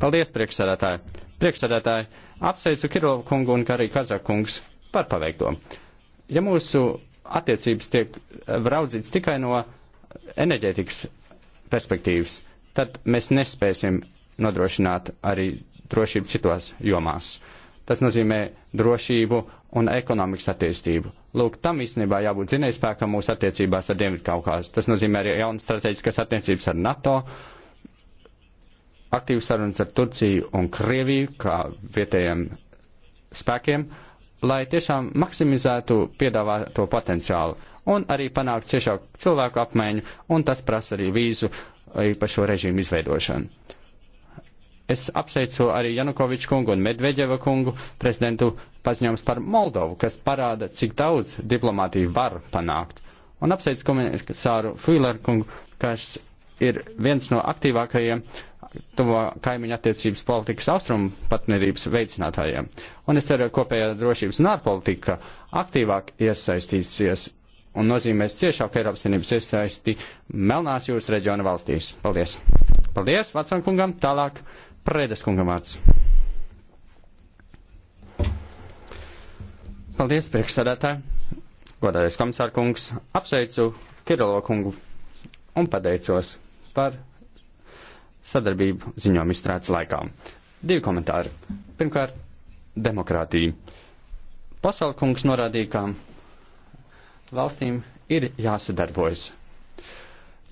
Paldies, priekšsēdētāji! Priekšsēdētāji, apsveicu Kirovu kungu un arī Kazakungs par paveikto. Ja mūsu attiecības tiek raudzīts tikai no enerģētikas perspektīvas, tad mēs nespēsim nodrošināt arī drošību citās jomās. Tas nozīmē drošību un ekonomikas attīstību. Lūk, tam īstenībā jābūt zinējspēkam mūsu attiecībās ar Dienvidkaukās. Tas nozīmē arī jaunas strateģiskas attiecības ar NATO, uh, aktīvas sarunas ar Turciju un Krieviju kā vietējiem spēkiem, lai tiešām maksimizētu piedāvāto potenciālu un arī panākt ciešāku cilvēku apmaiņu, un tas prasa arī vīzu eh, īpašo režīmu izveidošanu. Es apsveicu arī Janukoviču kungu un Medveģeva kungu prezidentu paziņojums par Moldovu, kas parāda, cik daudz diplomātija var panākt. Un apsveicu komisāru Fuiler kungu, kas ir viens no aktīvākajiem uh, tuvo kaimiņu attiecības politikas austrumu partnerības veicinātājiem. Un es ceru, ka kopējā drošības un ārpolitika aktīvāk iesaistīsies un nozīmēs ciešāku Eiropas Savienības iesaisti Melnās jūras reģiona valstīs. Paldies! Paldies, Vatsan kungam! Tālāk Prēdes kungam vārds. Paldies, priekšsādātāji! Godātais komisārkungs, apsveicu Kirilo kungu un pateicos par sadarbību ziņojumu izstrādes laikā. Divi komentāri. Pirmkārt, demokrātija. Pasaulkungs norādīja, ka valstīm ir jāsadarbojas.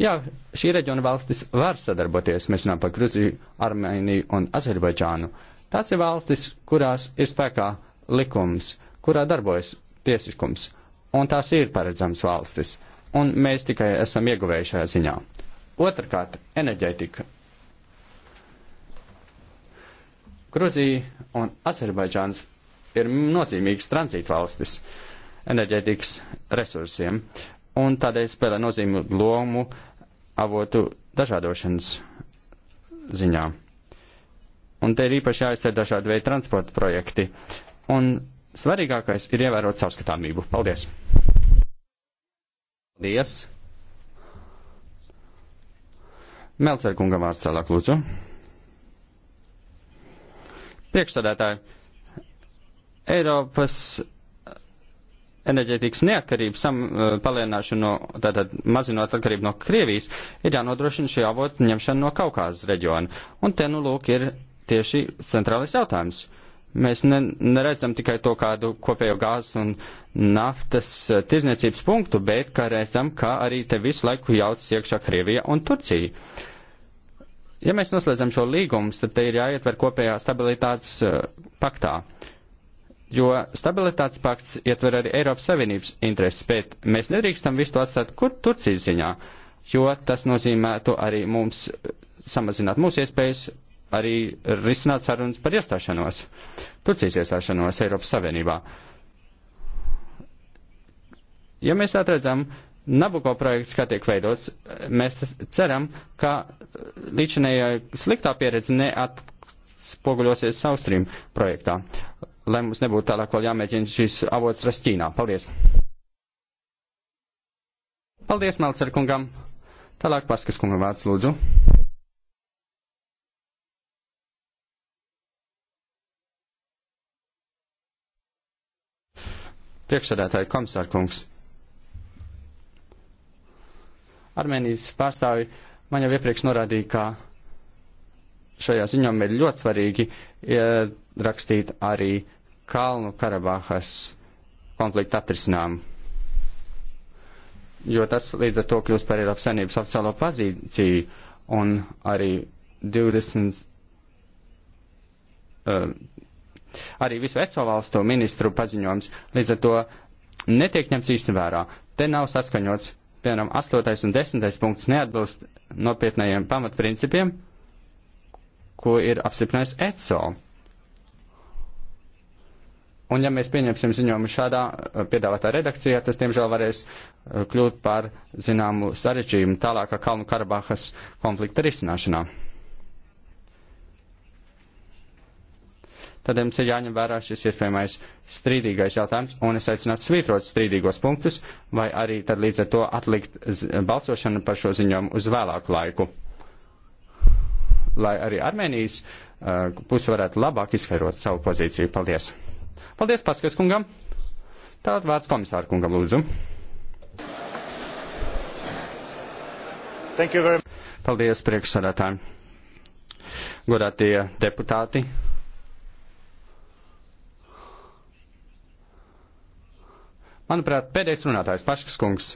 Jā, šī reģiona valstis var sadarboties. Mēs runājam par Gruziju, Armēniju un Azerbaidžānu. Tās ir valstis, kurās ir spēkā likums, kurā darbojas tiesiskums, un tās ir paredzams valstis, un mēs tikai esam ieguvējuši šajā ziņā. Otrakārt, enerģētika Gruzija un Azerbaidžāns ir nozīmīgas tranzītvalstis enerģētikas resursiem, un tādēļ spēlē nozīmīgu lomu avotu dažādošanas ziņā. Un te ir īpaši jāizcer dažādi veidi transporta projekti. Un svarīgākais ir ievērot savskatāmību. Paldies! Paldies! Melcerkungam vārds tālāk lūdzu. Priekšstādātāji, Eiropas enerģētikas neatkarību sam, eh, palielināšanu, no, tātad mazinot atkarību no Krievijas, ir jānodrošina šī avotu ņemšana no Kaukāzes reģiona. Un te, nu, lūk, ir tieši centrālais jautājums. Mēs ne, neredzam tikai to kādu kopējo gāzes un naftas eh, tirzniecības punktu, bet, kā redzam, ka arī te visu laiku jauc iekšā Krievija un Turcija. Uh, Ja mēs noslēdzam šo līgumu, tad te ir jāietver kopējā stabilitātes uh, paktā, jo stabilitātes pakts ietver arī Eiropas Savienības intereses, bet mēs nedrīkstam visu to atstāt kur Turcijas ziņā, jo tas nozīmētu arī mums eh, samazināt mūsu iespējas arī risināt sarunas par iestāšanos, Turcijas iestāšanos Eiropas Savienībā. Ja mēs tā redzam, uh, Nabuko projekts, kā tiek veidots, mēs ceram, ka līdzinējai sliktā pieredze neatspoguļosies Saustrīm projektā, lai mums nebūtu tālāk vēl jāmēģina šīs avots rast Ķīnā. Paldies! Paldies, Melcer kungam! Tālāk paskas kungam vārds lūdzu. Priekšsēdētāji komisārkungs. Armēnijas pārstāvi man jau iepriekš norādīja, ka šajā ziņām ir ļoti svarīgi rakstīt arī Kalnu Karabahas konfliktu atrisinājumu, jo tas līdz ar to kļūst par Eiropas Savienības oficiālo pozīciju un arī 20. Uh, eh, arī visu veco valstu ministru paziņojums līdz ar to netiek ņemts īsti vērā. Te nav saskaņots piemēram, 8. un 10. punkts neatbilst nopietnējiem pamatprincipiem, ko ir apstiprinājis ECO. Un ja mēs pieņemsim ziņojumu šādā uh, piedāvātā redakcijā, tas, diemžēl, varēs uh, kļūt par zināmu sarežģījumu tālākā Kalnu Karabahas konflikta risināšanā. tad mums ir jāņem vērā šis iespējamais strīdīgais jautājums, un es aicinātu svītrot strīdīgos punktus, vai arī tad līdz ar to atlikt balsošanu par šo ziņojumu uz vēlāku laiku, lai arī Armēnijas uh, puse varētu labāk izskaidrot savu pozīciju. Paldies! Paldies, Paskas kungam! Tātad vārds komisāra kungam lūdzu. Paldies, priekšsādātāji! Godātie deputāti! Manuprāt, pēdējais runātājs Paškas kungs.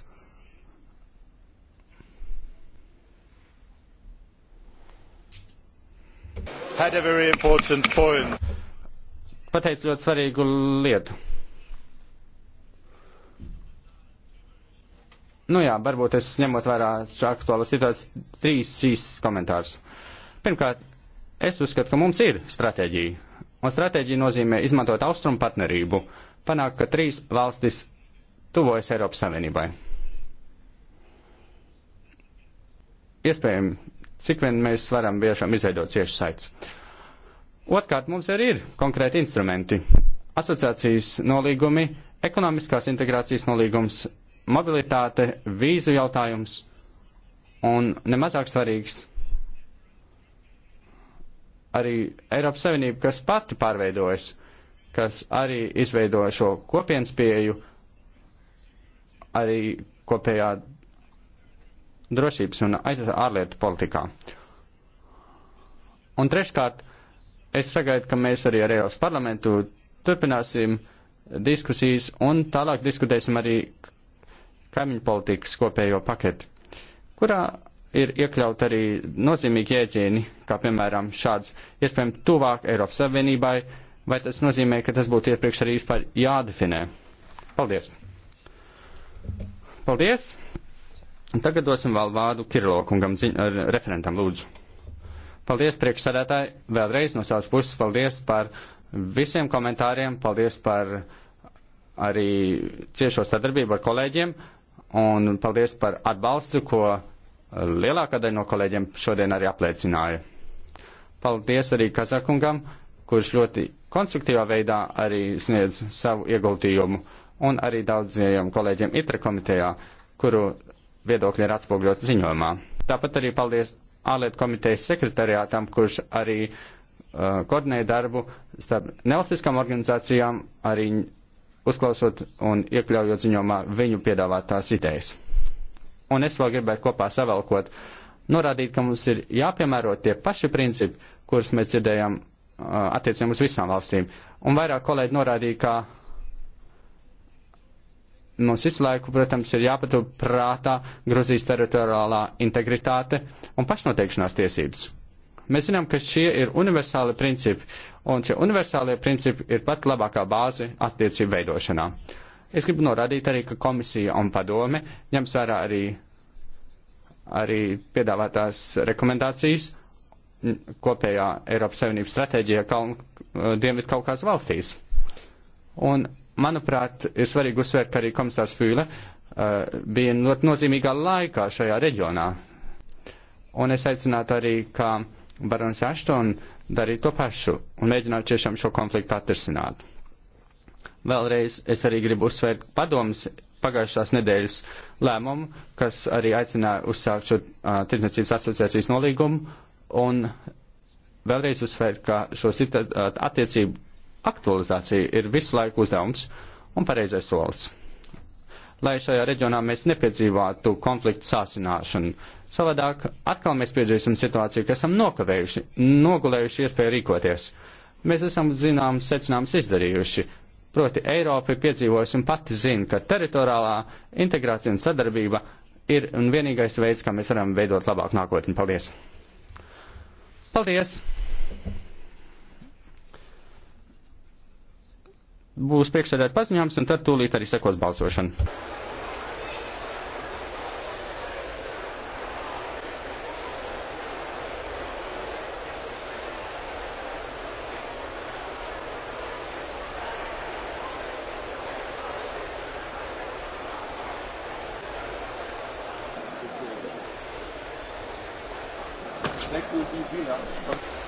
Pateicu ļoti svarīgu lietu. Nu jā, varbūt es ņemot vērā šo aktuālo situāciju, trīs īsts komentārs. Pirmkārt, es uzskatu, ka mums ir stratēģija. Un stratēģija nozīmē izmantot austrumu partnerību, panākt, ka trīs valstis tuvojas Eiropas Savienībai. Iespējams, cik vien mēs varam biežam izveidot cieši saites. Otkārt, mums arī ir konkrēti instrumenti. Asociācijas nolīgumi, ekonomiskās integrācijas nolīgums, mobilitāte, vīzu jautājums un nemazāk svarīgs arī Eiropas Savienība, kas pati pārveidojas, kas arī izveido šo kopienas pieju arī kopējā drošības un ārlietu politikā. Un treškārt, es sagaidu, ka mēs arī ar Eiropas parlamentu turpināsim diskusijas un tālāk diskutēsim arī kaimiņu politikas kopējo paketi, kurā ir iekļaut arī nozīmīgi jēdzieni, kā piemēram šāds iespējams tuvāk Eiropas Savienībai, vai tas nozīmē, ka tas būtu iepriekš arī vispār jādefinē. Paldies! Paldies! Un tagad dosim vēl vārdu Kirilokungam, referentam lūdzu. Paldies, priekšsēdētāji, vēlreiz no savas puses paldies par visiem komentāriem, paldies par arī ciešo sadarbību ar kolēģiem un paldies par atbalstu, ko lielākā daļa no kolēģiem šodien arī apliecināja. Paldies arī Kazakungam, kurš ļoti konstruktīvā veidā arī sniedz savu ieguldījumu un arī daudziem kolēģiem ITRA komitejā, kuru viedokļi ir atspogļot ziņojumā. Tāpat arī paldies ārlietu komitejas sekretariātam, kurš arī uh, koordinēja darbu starp nevalstiskām organizācijām, arī uzklausot un iekļaujot ziņojumā viņu piedāvātās idejas. Un es vēl gribētu kopā savelkot, norādīt, ka mums ir jāpiemēro tie paši principi, kurus mēs dzirdējām uh, attiecībā uz visām valstīm. Un vairāk kolēģi norādīja, ka Mums visu laiku, protams, ir jāpatur prātā Gruzijas teritoriālā integritāte un pašnoteikšanās tiesības. Mēs zinām, ka šie ir universāli principi, un šie universālie principi ir pat labākā bāze attiecību veidošanā. Es gribu norādīt arī, ka komisija un padome ņems vērā arī, arī piedāvātās rekomendācijas kopējā Eiropas Savienības stratēģija Dienvidu Kaukās valstīs. Un manuprāt, ir svarīgi uzsvērt, ka arī komisārs Fīle uh, bija ļoti nozīmīgā laikā šajā reģionā. Un es aicinātu arī, ka barons Ashton darītu to pašu un mēģinātu tiešām šo konfliktu atrisināt. Vēlreiz es arī gribu uzsvērt padomus pagājušās nedēļas lēmumu, kas arī aicināja uzsākt šo uh, tirdzniecības asociācijas nolīgumu un vēlreiz uzsvērt, ka šo uh, attiecību aktualizācija ir visu laiku uzdevums un pareizais solis. Lai šajā reģionā mēs nepiedzīvātu konfliktu sāsināšanu, savādāk atkal mēs piedzīvosim situāciju, ka esam nokavējuši, nogulējuši iespēju rīkoties. Mēs esam zināms secinājums izdarījuši, proti Eiropa ir piedzīvojusi un pati zina, ka teritoriālā integrācija un sadarbība ir un vienīgais veids, kā mēs varam veidot labāku nākotni. Paldies! Paldies! būs priekšsēdēt paziņojums, un tad tūlīt arī sekos balsošana.